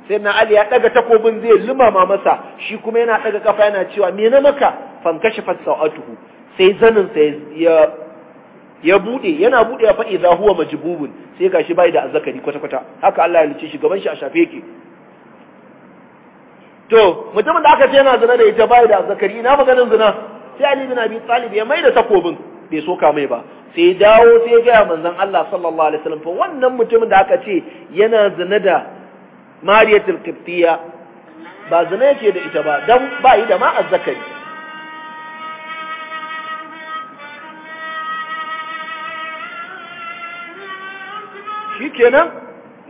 sai na Ali ya daga takobin zai lumama masa shi kuma yana daga kafa yana cewa me na maka fankashifat sa'atuhu sai zanin sa ya ya bude yana bude ya faɗi za huwa majbubun sai gashi bai da azzakari kwata kwata haka Allah ya lice shi gaban shi a shafe yake to mutumin da aka ce yana zina da ita bai da azzakari ina maganin zina sai Ali bin Abi Talib ya mai da takobin bai soka mai ba sai dawo sai ya gaya manzon Allah sallallahu alaihi wasallam fa wannan mutumin da aka ce yana zina da Mariyatul Qibtiyya ba zina yake da ita ba dan bai da ma azzakari shikenan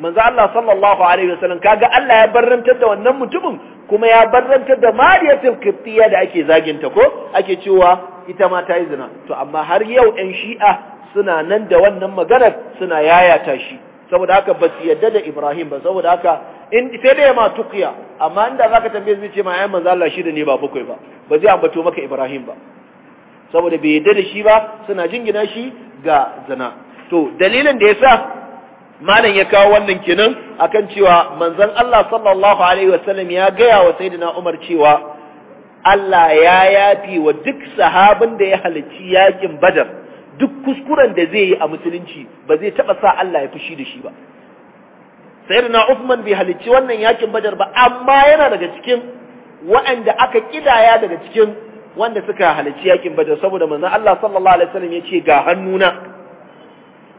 manzo Allah sallallahu alaihi wasallam kaga Allah ya barrantar da wannan mutumin kuma ya barrantar da Mariyatul Qibtiyya da ake zaginta ko ake cewa ita ma ta yi zina to amma har yau ɗan Shi'a suna nan da wannan maganar suna yayata shi saboda haka ba su yadda da Ibrahim ba saboda haka in sai da ma tuqiya amma inda zaka tambaye zai ce ma ayyan manzo Allah shida ne ba bakwai ba ba zai ambato maka Ibrahim ba saboda bai yadda da shi ba suna jingina shi ga zina to dalilin da yasa malam ya kawo wannan kenan akan cewa manzon Allah sallallahu alaihi wasallam ya gaya wa sayyidina Umar cewa Allah ya yafi wa duk sahabin da ya halarci yakin Badar duk kuskuren da zai yi a musulunci ba zai taba sa Allah ya fushi da shi ba sayyidina Uthman bai halarci wannan yakin Badar ba amma yana daga cikin waɗanda aka kidaya daga cikin wanda suka halarci yakin Badar saboda manzon Allah sallallahu alaihi wasallam ya ce ga hannuna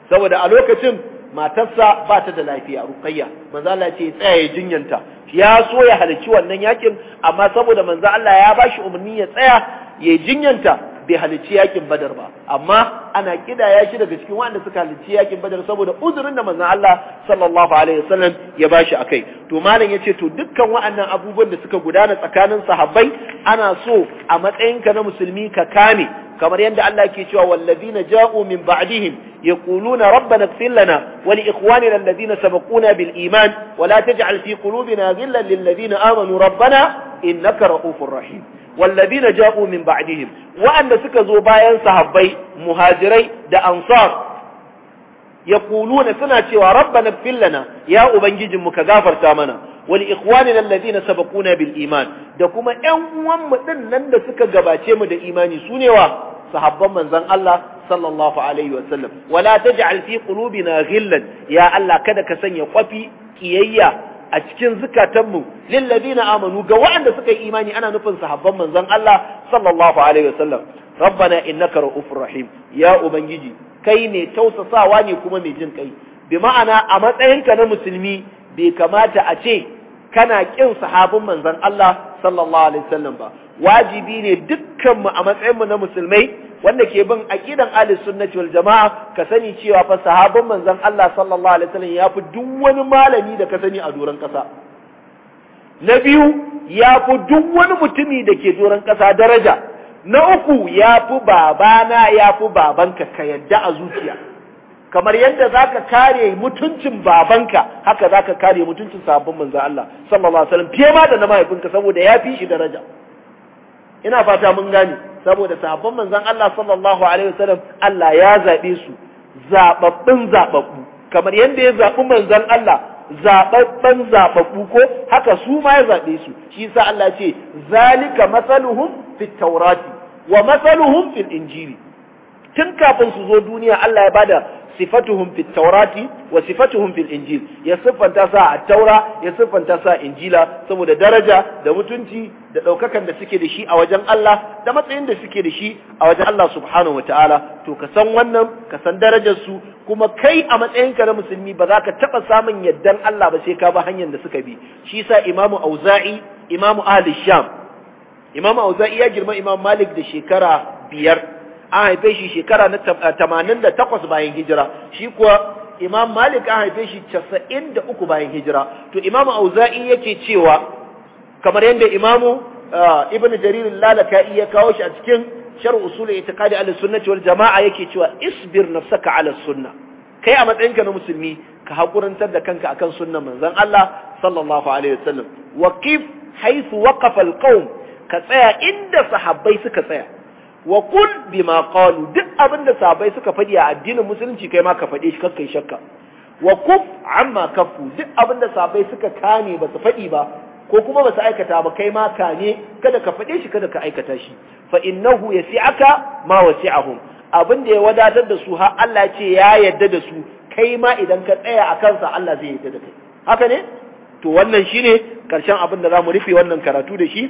saboda a lokacin matarsa ba ta da lafiya ruqayya manzo Allah ce tsaya jinyanta ya so ya halici wannan yakin amma saboda manzo Allah ya bashi umarni ya tsaya ya jinyanta bai halicci yakin badar ba amma ana kidaya shi daga cikin wanda suka halicci yakin badar saboda uzurin da manzon Allah sallallahu alaihi wasallam ya bashi akai to malam yace to dukkan waɗannan abubuwan da suka gudana tsakanin sahabbai ana so a matsayin ka na musulmi ka kame kamar yadda Allah ke cewa wallazina ja'u min ba'dihim yaquluna rabbana ighfir lana wa li ikhwanina alladhina sabaquna bil iman wa la taj'al fi qulubina ghillan lil ladina amanu rabbana innaka ra'ufur rahim والذين جاءوا من بعدهم وأن سكزوا باين صحابي مهاجري دا أنصار يقولون سنة وربنا اغفر لنا يا أبنجج مكغافر تامنا ولإخواننا الذين سبقونا بالإيمان دا كما أنوان مدنن دا سكا قباتيم دا إيماني سونيوا صحابا من زن الله صلى الله عليه وسلم ولا تجعل في قلوبنا غلا يا الله كذا كسن يقفي كييا a cikin zukatanmu na amanu ga waɗanda suka yi imani ana nufin sahabban manzon Allah sallallahu alaihi wasallam rabbana innaka ra'ufur rahim ya ubangiji kai ne tausasawa ne kuma mai jin kai bi ma'ana a matsayinka na musulmi bai kamata a ce kana kin sahabin manzon Allah sallallahu alaihi wasallam ba wajibi ne dukkanmu a matsayinmu na musulmai wanda ke bin aqidan ahli sunnati wal jamaa ka sani cewa fa sahabban manzon Allah sallallahu alaihi wasallam ya fi duk wani malami da ka sani a doron kasa na biyu ya fi duk wani mutumi da ke doron kasa daraja na uku ya fi babana ya fi babanka ka yadda a zuciya kamar yadda zaka kare mutuncin babanka haka zaka kare mutuncin sahabban manzon Allah sallallahu alaihi wasallam fiye ma da na mahaifinka saboda ya fi shi daraja ina fata mun gane saboda sahabban manzon Allah sallallahu alaihi wasallam Allah ya zabe su zababbin zababbu kamar yadda ya zabi manzon Allah zababban zababbu ko haka su ma ya zabe su shi yasa Allah ce zalika masaluhum fit tawrati wa masaluhum fil injili tun kafin su zo duniya Allah ya bada sifatuhum fit taurati wa sifatuhum fil injil ya siffanta sa a taura ya siffanta sa injila saboda daraja da mutunci da daukakan da suke da shi a wajen Allah da matsayin da suke da shi a wajen Allah subhanahu ta'ala. to ka san wannan ka san darajar su kuma kai a matsayinka na musulmi ba za ka taba samun yaddan Allah ba sai ka bi hanyar da suka bi shi yasa imamu auza'i imamu ahli sham imamu auza'i ya girma imam malik da shekara biyar an haife shi shekara na 88 bayan hijira shi kuwa imam malik an haife shi 93 bayan hijira to imam auza'i yake cewa kamar yadda imamu ibn jaririn lalaka iya kawo shi a cikin usulun ita itiqadi ala sunna cewar jamaa yake cewa isbir nafsaka ala sunna kai a matsayinka na musulmi ka haƙurantar da kanka akan sunnan manzon Allah sallallahu alaihi wasallam waqif haythu waqafa alqawm ka tsaya inda sahabbai suka tsaya wa qul qalu duk abin da sahabbai suka faɗi a addinin musulunci kai ma ka faɗe shi kakkai shakka wa kuf amma kafu duk abin da sahabbai suka kane ba su faɗi ba ko kuma ba su aikata ba kai ma kane kada ka faɗe shi kada ka aikata shi fa innahu yasi'aka ma wasi'ahum abin da ya wadatar da su har Allah ce ya yadda da su kai ma idan ka tsaya a kansa Allah zai yadda da kai haka ne to wannan shine karshen abin da zamu rufe wannan karatu da shi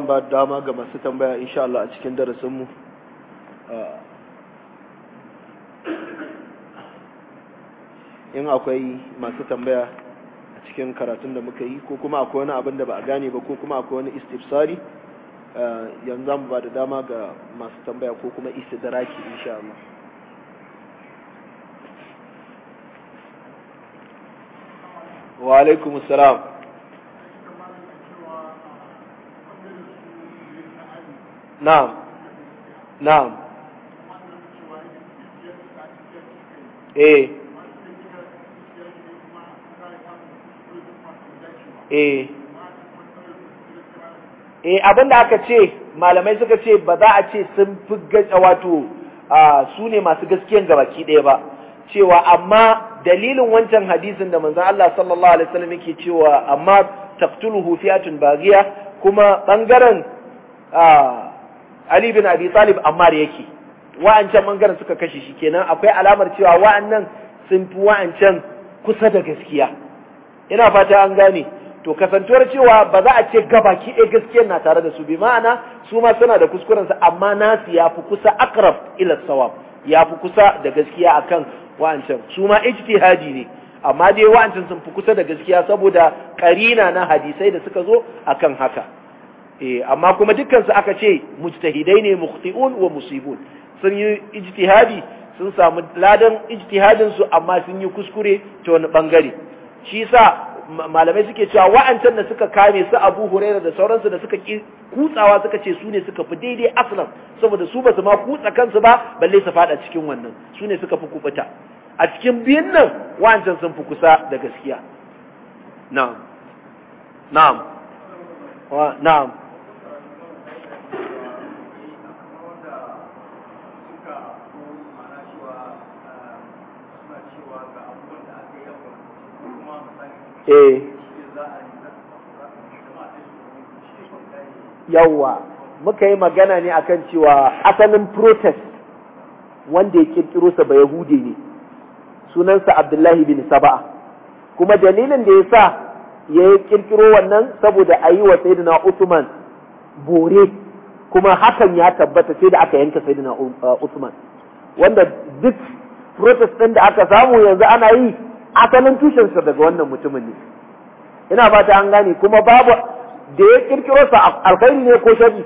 za ba dama ga masu tambaya insha Allah a cikin darasinmu ah. in akwai masu tambaya a cikin karatun da muka yi ko kuma akwai wani abin da ba a gane ba ko kuma akwai wani istifsari ah, yanzu za ba da dama ga masu tambaya ko kuma istidraki insha Allah wa alaikum salam نعم نعم ايه ايه eh abinda aka ce malamai suka ce ba za a ce sun fi wato su ne masu gaskiyan gabaki ɗaya ba cewa amma dalilin wancan hadisin da manzon Allah sallallahu alaihi wasallam yake cewa amma taqtuluhu fi'atun baghiya kuma bangaren Ali bin Abi Talib Ammar yake wa'ancan bangaren suka kashe shi kenan akwai alamar cewa wa'annan sun fi wa'ancan kusa da gaskiya ina fata an gane to kasantuwar cewa ba za a ce ki ɗaya gaskiyar na tare da su bi ma'ana su ma suna da kuskurensa amma nasu ya fi kusa akraf ila sawab ya fi kusa da gaskiya akan wa'ancan su ma ijtihadi ne amma dai wa'ancan sun fi kusa da gaskiya saboda karina na hadisai da suka zo akan haka eh amma kuma dukkan su aka ce mujtahidai ne mukhti'un wa musibun sun yi ijtihadi sun samu ladan ijtihadin su amma sun yi kuskure ta wani bangare shi yasa malamai suke cewa wa'ancan da suka kame su Abu Hurairah da sauransu da suka kutsawa suka ce su suka fi daidai aslan saboda su ba su ma kutsa kansu ba balle su fada cikin wannan su suka fi kubuta a cikin biyun nan wa'ancan sun fi kusa da gaskiya na'am na'am na'am eh yawwa muka yi magana ne akan cewa asalin protest wanda ya kirkiro sa ba yahudi ne sunansa abdullahi bin saba'a kuma dalilin da ya sa ya yi kirkiro wannan saboda a yi wa sayyidina usman bore kuma hakan ya tabbata sai da aka yanka sayyidina uh, usman wanda duk protest ɗin da aka samu yanzu ana yi asalin tushensa daga wannan mutumin ne ina ba ta an gane kuma babu da ya kirkiro sa alkhairi ne ko shari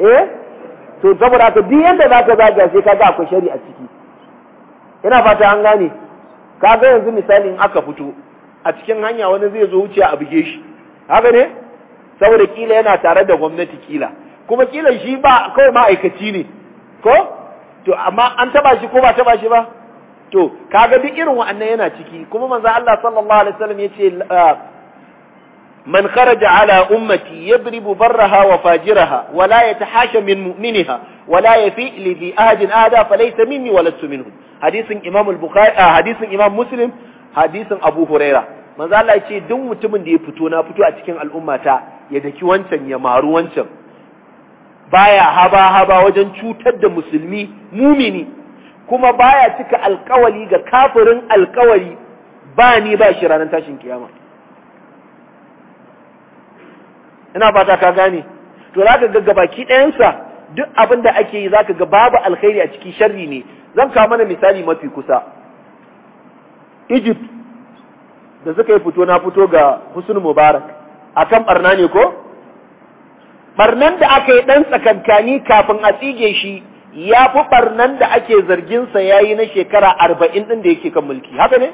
eh to saboda ka duk yanda zaka zaga sai ka ga akwai shari a ciki ina fata an gane ga yanzu misalin aka fito a cikin hanya wani zai zo wuce a buge shi haka ne saboda kila yana tare da gwamnati kila kuma kila shi ba kawai ma'aikaci ne ko to amma an taba shi ko ba taba shi ba to kaga duk irin wa'annan yana ciki kuma manzo Allah sallallahu alaihi wasallam yace ah, man kharaja ala ummati yadribu barraha wa fajiraha wa la yatahasha min mu'miniha wa la yafi li bi ahadin ahada falaysa minni wa lastu minhum hadisin imam al-bukhari ah, hadisin imam muslim hadisin abu huraira manzo Allah yace duk mutumin da ya fito na fito a cikin al'ummata ya daki wancan ya maru wancan baya haba haba wajen cutar da musulmi mumini kuma baya cika alkawali ga kafirin alkawali. ba ni ba shi ranar tashin kiyama ina fata ka gane to zaka ga gabaki ɗayansa duk abin da ake yi zaka ga babu alkhairi a ciki sharri ne zan kawo mana misali mafi kusa Egypt da suka yi fito na fito ga Husnu Mubarak akan barna ne ko barnan da aka yi ɗan tsakankani kafin a tsige shi ya fi barnan da ake zarginsa ya yi na shekara arba'in ɗin da yake kan mulki haka ne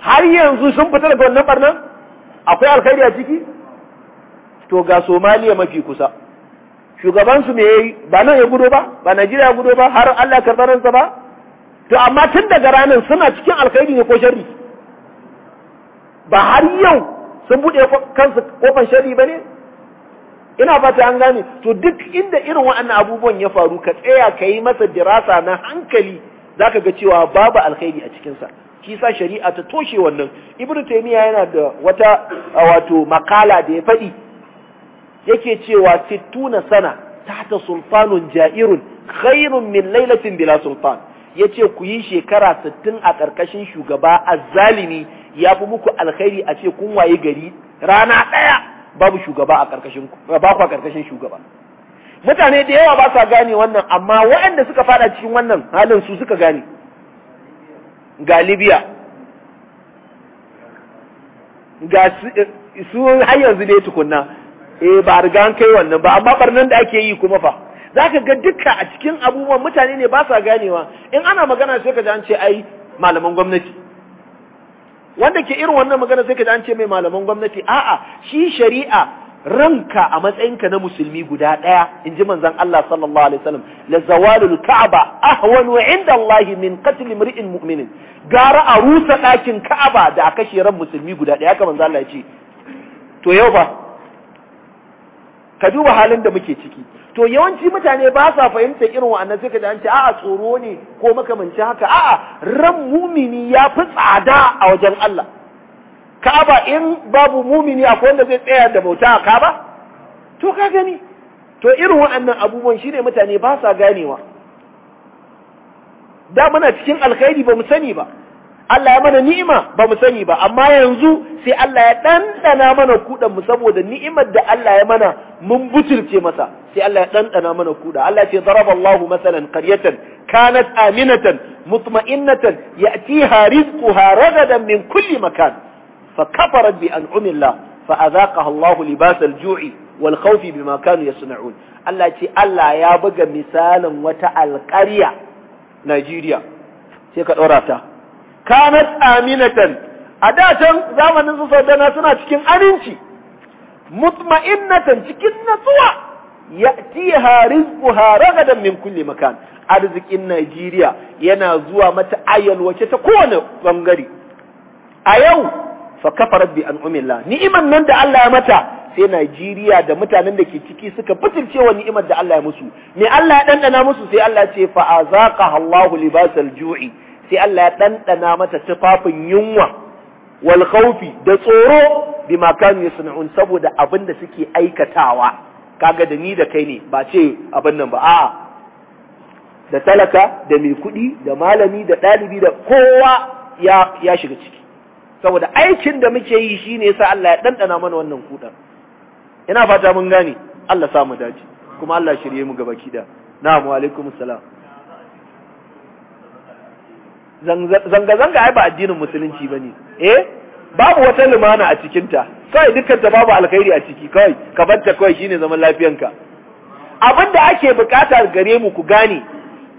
har yanzu sun fita daga wannan barnan akwai alkhairi a ciki to ga somaliya mafi kusa shugabansu me yayi ba nan ya gudo ba ba najeriya ya gudo ba har allah karɓar ransa ba to amma tun daga ranar suna cikin alkhairi ne ko sharri ba har yau sun buɗe kansu kofan sharri ba ne ina fata an gane to duk inda irin waɗannan abubuwan ya faru ka tsaya ka yi masa dirasa na hankali za ka ga cewa babu alkhairi a cikinsa sa shari'a ta toshe wannan ibn taymiya yana da wata wato makala da ya faɗi yake cewa sittuna sana tata sulfanun ja'irun khairun min lailatin bila sultan yace ku yi shekara sittin a ƙarƙashin shugaba azzalimi yafi muku alkhairi a ce kun waye gari rana ɗaya. babu shugaba a karkashin ba ku a karkashin shugaba mutane da yawa ba sa gane wannan amma waɗanda suka fada cikin wannan halin su suka gane ga Libya ga su eh, har yanzu dai tukunna eh ba riga an kai wannan ba amma barnan da ake yi kuma fa zaka ga duka a cikin abubuwan mutane ne ba sa ganewa in ana magana sai ka ji an ce ai malaman gwamnati wanda ke irin wannan magana sai ka an ce mai malaman gwamnati a'a shi shari'a ranka a matsayinka na musulmi guda ɗaya in ji manzan Allah sallallahu alaihi wasallam la zawalul ka'aba ahwanu inda Allah min qatl imri'in mu'minin gara a rusa ɗakin ka'aba da a kashe ran musulmi guda ɗaya kamar manzan Allah ya ce to yau ba ka duba halin da muke ciki to yawanci mutane ba sa fahimta irin wa'annan sai ka an ce a'a tsoro ne ko makamanci haka a'a ran mumini ya fi tsada a wajen Allah Ka'aba in babu mumini akwai wanda zai tsaya da bauta a Ka'aba to ka gani to irin wa'annan abubuwan shine mutane ba sa ganewa da muna cikin alkhairi ba mu sani ba Allah ya mana ni'ima ba mu sani ba amma yanzu sai Allah ya dandana mana kudan mu saboda ni'imar da Allah ya mana mun butulce masa sai Allah ya ɗanɗana mana kuɗa Allah ce daraballahu masalan qaryatan kanat aminatan mutma'innatan ya'tiha rizquha ragadan min kulli makan fa kafarat bi an'amillah fa azaqaha Allah libasal ju'i wal khawfi bima kanu yasna'un Allah ce Allah ya buga misalin wata alƙarya Najeriya sai ka ɗora ta kanat aminatan a da can zamanin su sodana suna cikin aminci mutma'innatan cikin natsuwa ya'tiha rizquha ragadan min kulli makan arzikin Najeriya yana zuwa mata ayal wace ta kowane bangare a yau fa kafarat bi umilla, ni'iman nan da Allah ya mata sai Najeriya da mutanen da ke ciki suka fitirce wa ni'imar da Allah ya musu me Allah ya dandana musu sai Allah ce fa azaqa Allahu libasal ju'i sai Allah ya dandana mata tufafin yunwa wal khawfi da tsoro bima kanu yasna'un saboda abin da suke aikatawa kaga da ni da kai ne ba ce abin nan ba a'a da talaka da mai kuɗi da malami da ɗalibi da kowa ya shiga ciki saboda aikin da muke yi shine yasa Allah ya dandana mana wannan kudar ina fata mun gane Allah sa mu dace kuma Allah shirye mu gaba kida na'am wa alaikum salam zanga zanga ai ba addinin musulunci bane eh babu wata lumana a cikin ta kawai dukkan ta babu alkhairi a ciki kawai ka kawai shi shine zaman lafiyanka abin da ake bukata gare mu ku gane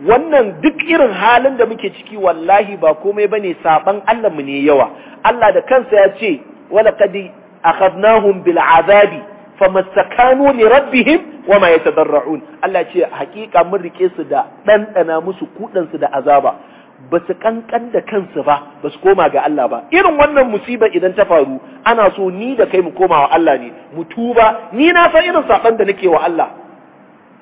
wannan duk irin halin da muke ciki wallahi ba komai bane saban Allah mu ne yawa Allah da kansa ya ce wala qad akhadnahum bil azabi famastakanu li rabbihim wama yatadarrun Allah ce hakika mun rike su da dandana musu kudan su da azaba ba su kankan da kansu ba ba su koma ga Allah ba irin wannan musiba idan ta faru ana so ni da kai mu koma wa Allah ne mu tuba ni na san irin saban da nake wa Allah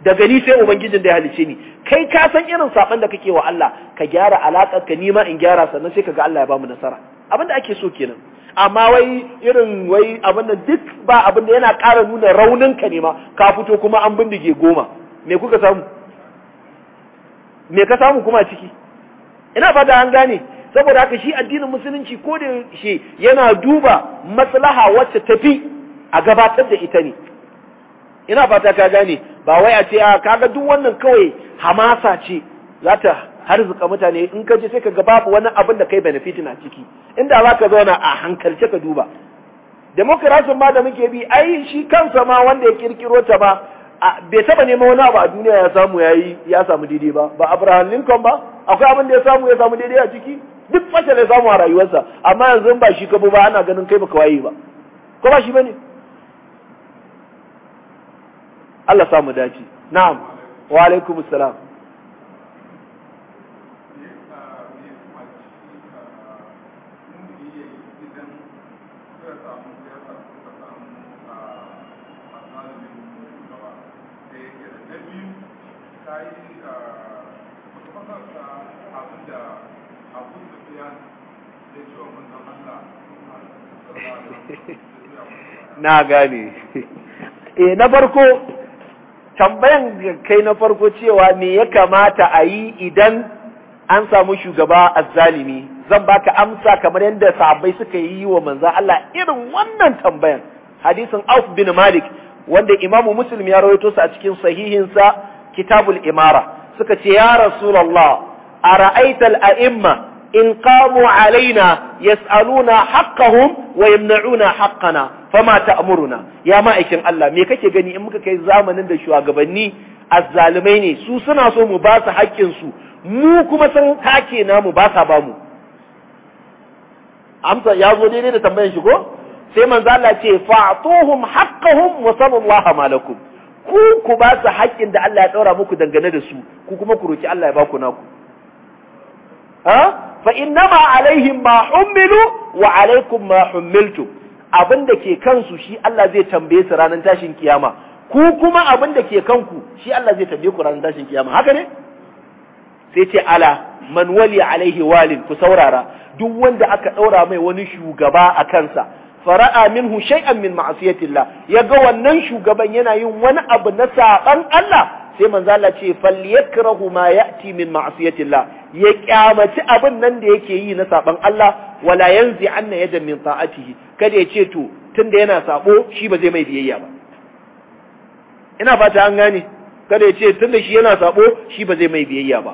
daga ni sai ubangijin da ya halice ni kai ka san irin saban da kake wa Allah ka gyara alakar ka nima in gyara sannan sai kaga Allah ya bamu nasara abin da ake so kenan amma wai irin wai abin da duk ba abin da yana ƙara nuna raunin ka ne ma ka fito kuma an bindige goma me kuka samu me ka samu kuma ciki ina fata an gane saboda haka shi addinin musulunci ko da shi yana duba maslaha wacce tafi a gabatar da ita ne ina fata ka gane ba wai a ce a ah, kaga duk wannan kawai hamasa ce za ta harzuka mutane in ka je sai ka ga babu wani abin da kai benefitin a ciki inda za ka zauna a hankalce ka duba demokrasin ma da muke bi ai shi kansa ma wanda ya kirkiro ta ba bai taba neman wani abu a duniya ya samu ya yi ya samu daidai ba ba abraham lincoln ba akwai abin da ya samu ya samu daidai a ciki duk fashe ya samu a rayuwarsa amma yanzu ba shi kabo ba ana ganin kai baka waye ba ko ba shi bane Allah samu dace na'am wa alaikumus salam na gane e na farko tambayan kai na farko cewa me ya kamata a yi idan an samu shugaba azzalimi zan baka amsa kamar yadda sahabbai suka yi wa manzo Allah irin wannan tambayan hadisin Auf bin Malik wanda Imam Muslim ya rawaito sa a cikin sahihinsa Kitabul Imara suka ce ya Rasulullah ara'aita al-a'imma In qamu alaina, yasalu na haƙa hum wa yammaɗuna haƙa na, fama ta Ya ma Allah! Me ka shi in muka kai zamanin da shu azzalumai gabanni? As-zalamai ne, su suna son mu ba su haƙƙinsu, mu kuma son kake namu ba sa bamu. Amsa ya zo dai-dai da tambayar shigo. Sai Manzala ce Fatohu mu haƙƙa hum mu ku? Ku ku ba su haƙƙin da Allah ya ɗaura muku dangane da su? Ku kuma ku roki Allah ya baku naku? fa innama alaihim ma wa alaikum ma hummiltum abin da ke kansu shi Allah zai tambaye su ranar tashin kiyama ku kuma abin da ke kanku shi Allah zai tambaye ku ranar tashin kiyama haka ne sai ce ala man wali alaihi walin ku saurara duk wanda aka daura mai wani shugaba a kansa fara'a minhu shay'an min ma'asiyatillah yaga wannan shugaban yana yin wani abu na saban Allah sai manzo Allah ce falyakrahu ma ya'ti min ma'asiyatillah ya kyamaci abin nan da yake yi na saban Allah wala yanzi anna yadan min ta'atihi kada ya ce to tunda yana sabo shi ba zai mai biyayya ba ina fata an gane kada ya ce tunda shi yana sabo shi ba zai mai biyayya ba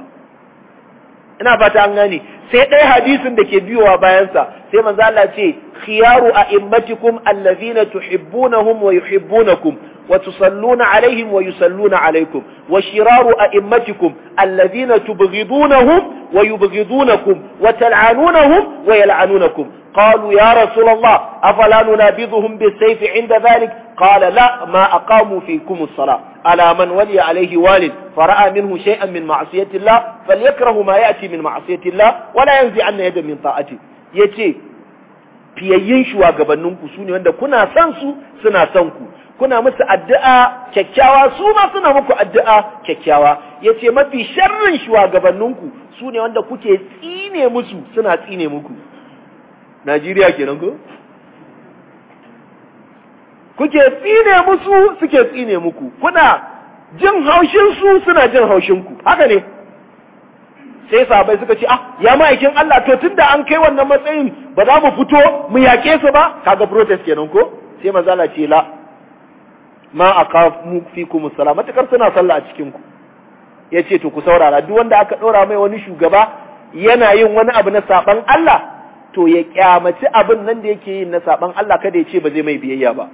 ina fata an gane sai ɗaya hadisin da ke biyowa bayansa sai manzo Allah ce khiyaru a'immatikum allazina tuhibbunahum wa yuhibbunakum وتصلون عليهم ويصلون عليكم وشرار أئمتكم الذين تبغضونهم ويبغضونكم وتلعنونهم ويلعنونكم قالوا يا رسول الله أفلا ننابذهم بالسيف عند ذلك قال لا ما أقاموا فيكم الصلاة على من ولي عليه والد فرأى منه شيئا من معصية الله فليكره ما يأتي من معصية الله ولا ينزع أن يدا من طاعته يتي fiyayyin shugabannin ku su ne wanda kuna son kuna musu addu'a kyakkyawa su ma suna muku addu'a kyakkyawa yace mafi sharrin shugabanninku su ne wanda kuke tsine musu suna tsine muku Najeriya kenan ko kuke tsine musu suke tsine muku kuna jin haushinsu su suna jin haushinku. haka ne sai sabai suka ce ah ya ma'aikin Allah to tunda an kai wannan matsayin ba za mu fito mu yake su ba kaga protest kenan ko sai manzo ce la ma aka fikum sala matakar suna sallah a cikin ku yace to ku saurara duk wanda aka dora mai wani shugaba yana yin wani abu na saban Allah to ya kyamaci abin nan da yake yin na saban Allah kada ya ce ba zai mai biyayya ba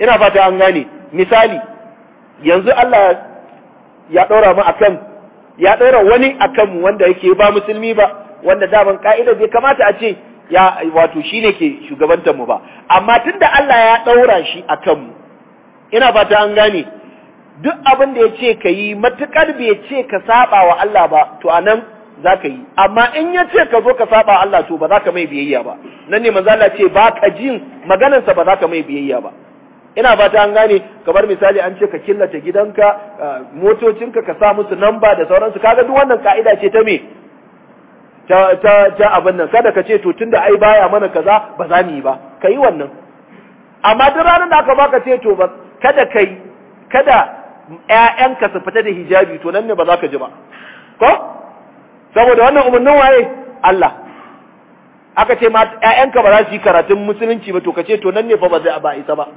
ina fata an gane misali yanzu Allah ya dora mu akan ya dora wani akan wanda yake ba musulmi ba wanda ban ka'ida bai kamata a ce ya wato shine ke shugabantar mu ba amma tunda Allah ya daura shi akan mu ina fata an gane duk abin da ya ce ka yi matuƙar bai ce ka saba wa Allah ba to a nan za ka yi amma in ya ce ka zo ka saba Allah to ba za ka mai biyayya ba nan ne manzo Allah ce ba ka jin maganarsa ba za ka mai biyayya ba ina fata an gane kamar misali an ce ka killace gidanka motocinka ka sa musu namba da sauransu kaga duk wannan ka'ida ce ta me ta ta abin nan kada ka ce to tunda ai baya mana kaza ba za mu yi ba ka yi wannan amma duk ranar da aka baka ce to ba kada kai kada ƴaƴanka su fita da hijabi to nan ne ba za ka ji ba ko saboda wannan umarnin waye Allah aka ce ma ƴaƴanka ba za su yi karatun musulunci ba to ka ce to nan ne fa ba zai ba isa ba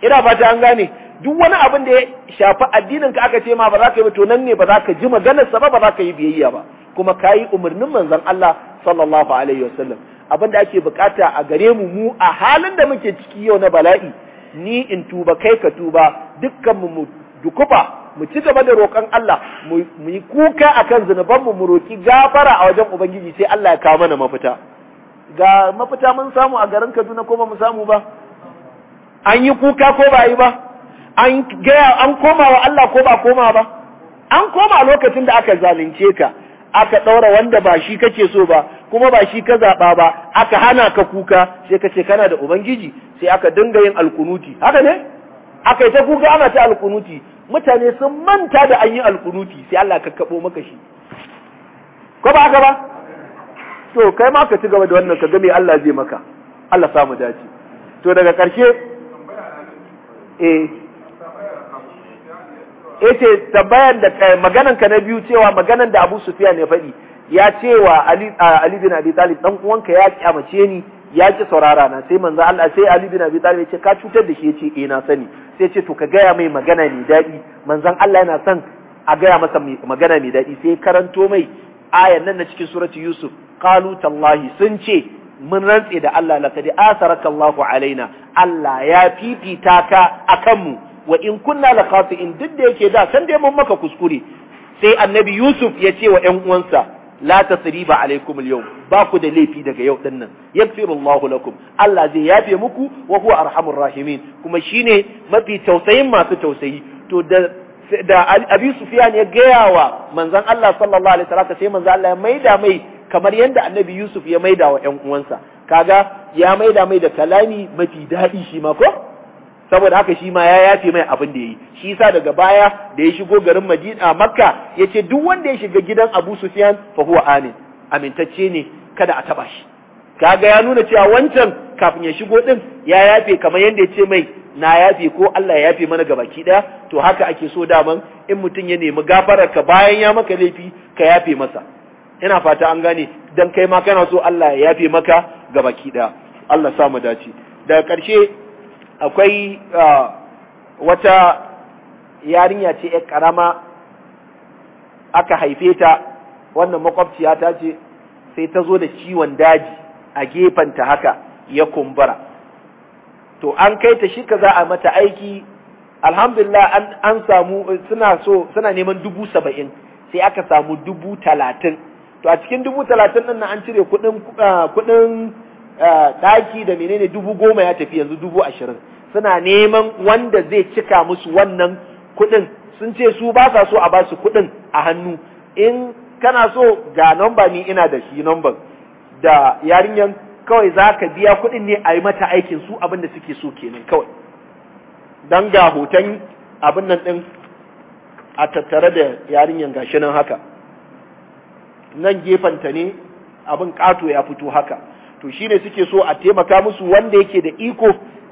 ina fata an gane duk wani abin da ya shafi addinin ka aka ce ma ba za ka yi ba to nan ne ba za ka ji maganar sa ba ba za ka yi biyayya ba kuma ka yi umarnin manzon Allah sallallahu alaihi wasallam abin da ake bukata a gare mu mu a halin da muke ciki yau na bala'i ni in tuba kai ka tuba dukkan mu dukufa mu ci gaba da roƙon Allah mu yi kuka akan zunubanmu mu roki gafara a wajen ubangiji sai Allah ya kawo mana mafita ga mafita mun samu a garin Kaduna ko ba mu samu ba an yi kuka ko ba yi ba an gaya an koma wa Allah ko ba koma ba an koma lokacin da aka zalunce ka aka ɗaura wanda ba shi kake so ba kuma ba shi ka zaɓa ba aka hana ka kuka sai ka ce kana da ubangiji sai aka dinga yin alkunuti haka ne aka yi ta kuka ana ta alkunuti mutane sun manta da an yi alkunuti sai Allah ka kabo maka shi ko ba haka ba to kai ma ka ci gaba da wannan ka ga me Allah zai maka Allah samu dace to daga ƙarshe eh ece eh, tambayan da eh, maganan ka na biyu cewa maganan da Abu Sufyan ya faɗi ya ce wa Ali bin Abi Talib dan uwanka ya kyamace ni ya ki saurara na sai manzo Allah sai Ali bin Abi Talib ya ce ka cutar da shi yace eh na sani sai ce to ka gaya mai magana mai daɗi manzon Allah yana son a gaya masa magana mai daɗi sai karanto mai ayan nan na cikin surati Yusuf qalu tallahi sun ce mun rantse da Allah laqad asaraka Allahu alaina Allah ya fifita ka akan mu wa in kunna laqati in duk da yake da san dai mun maka kuskure sai annabi Yusuf ya ce wa ƴan uwansa la tasriba alaikum yau ba ku da laifi daga yau din nan yaghfirullahu lakum Allah zai yafe muku wa huwa arhamur rahimin kuma shine mafi tausayin masu tausayi to da da Abi Sufyan ya gaya wa manzon Allah sallallahu alaihi wasallam sai manzon Allah ya maida mai kamar yadda Annabi Yusuf ya maida wa ƴan uwansa kaga ya maida mai da kalami mafi daɗi shi ma ko saboda haka shi ma ya yafe mai abin da ya yi shi sa daga baya da ya shigo garin Madina Makka ce duk wanda ya shiga gidan Abu Sufyan fa huwa amin amintacce ne kada a taba shi kaga ya nuna cewa wancan kafin ya shigo din ya yafe kamar yanda ce mai na yafe ko Allah ya yafe mana gabaki daya to haka ake so daman in mutum ya nemi gafarar ka bayan ya maka laifi ka yafe masa ina fata an gane dan kai ma kana so Allah ya yafe maka gabaki daya Allah sa mu dace daga karshe. akwai ah, wata yarinya ce ‘yar karama aka haife ta wannan makwabciya ta ce sai ta zo da ciwon daji a ta haka ya kumbura to an kai ta shika za a mata aiki alhamdulillah an, samu suna so suna neman dubu saba'in sai aka samu dubu talatin to a cikin dubu talatin nan an cire kuɗin ah, daki da menene dubu goma ya tafi yanzu dubu ashirin suna neman wanda zai cika musu wannan kuɗin sun ce su ba sa so a ba su kuɗin a hannu in kana so ga namba ni ina da shi nomba da yarinyan kawai za ka biya kuɗin ne a yi mata aikin su abin da suke so kenan kawai don ga hoton abin nan ɗin a tattare da yarinyan gashi haka nan ta ne abin ƙato ya fito haka to shi ne suke so a taimaka musu wanda yake da iko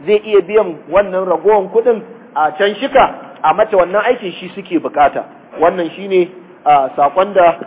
zai iya biyan wannan ragowar kudin a can shika a mata wannan aikin shi suke bukata wannan shi ne saƙon da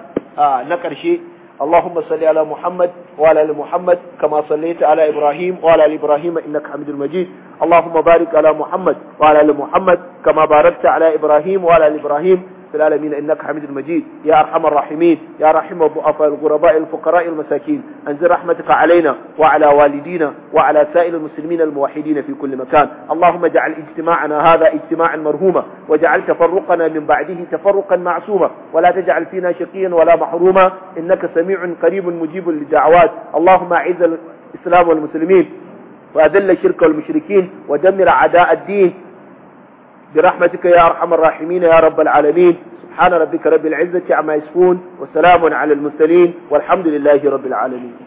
na ƙarshe اللهم صل على محمد وعلى ال محمد كما صليت على ابراهيم وعلى ال ابراهيم انك حميد مجيد اللهم بارك على محمد وعلى ال محمد كما باركت على ابراهيم وعلى ال ابراهيم في العالمين إنك حميد مجيد يا أرحم الراحمين يا رحم الضعفاء الغرباء الفقراء المساكين أنزل رحمتك علينا وعلى والدينا وعلى سائر المسلمين الموحدين في كل مكان اللهم اجعل اجتماعنا هذا اجتماعا مرهوما واجعل تفرقنا من بعده تفرقا معصوما ولا تجعل فينا شقيا ولا محروما إنك سميع قريب مجيب للدعوات اللهم أعز الإسلام والمسلمين وأذل الشرك والمشركين ودمر أعداء الدين برحمتك يا أرحم الراحمين يا رب العالمين سبحان ربك رب العزة عما يصفون وسلام على المرسلين والحمد لله رب العالمين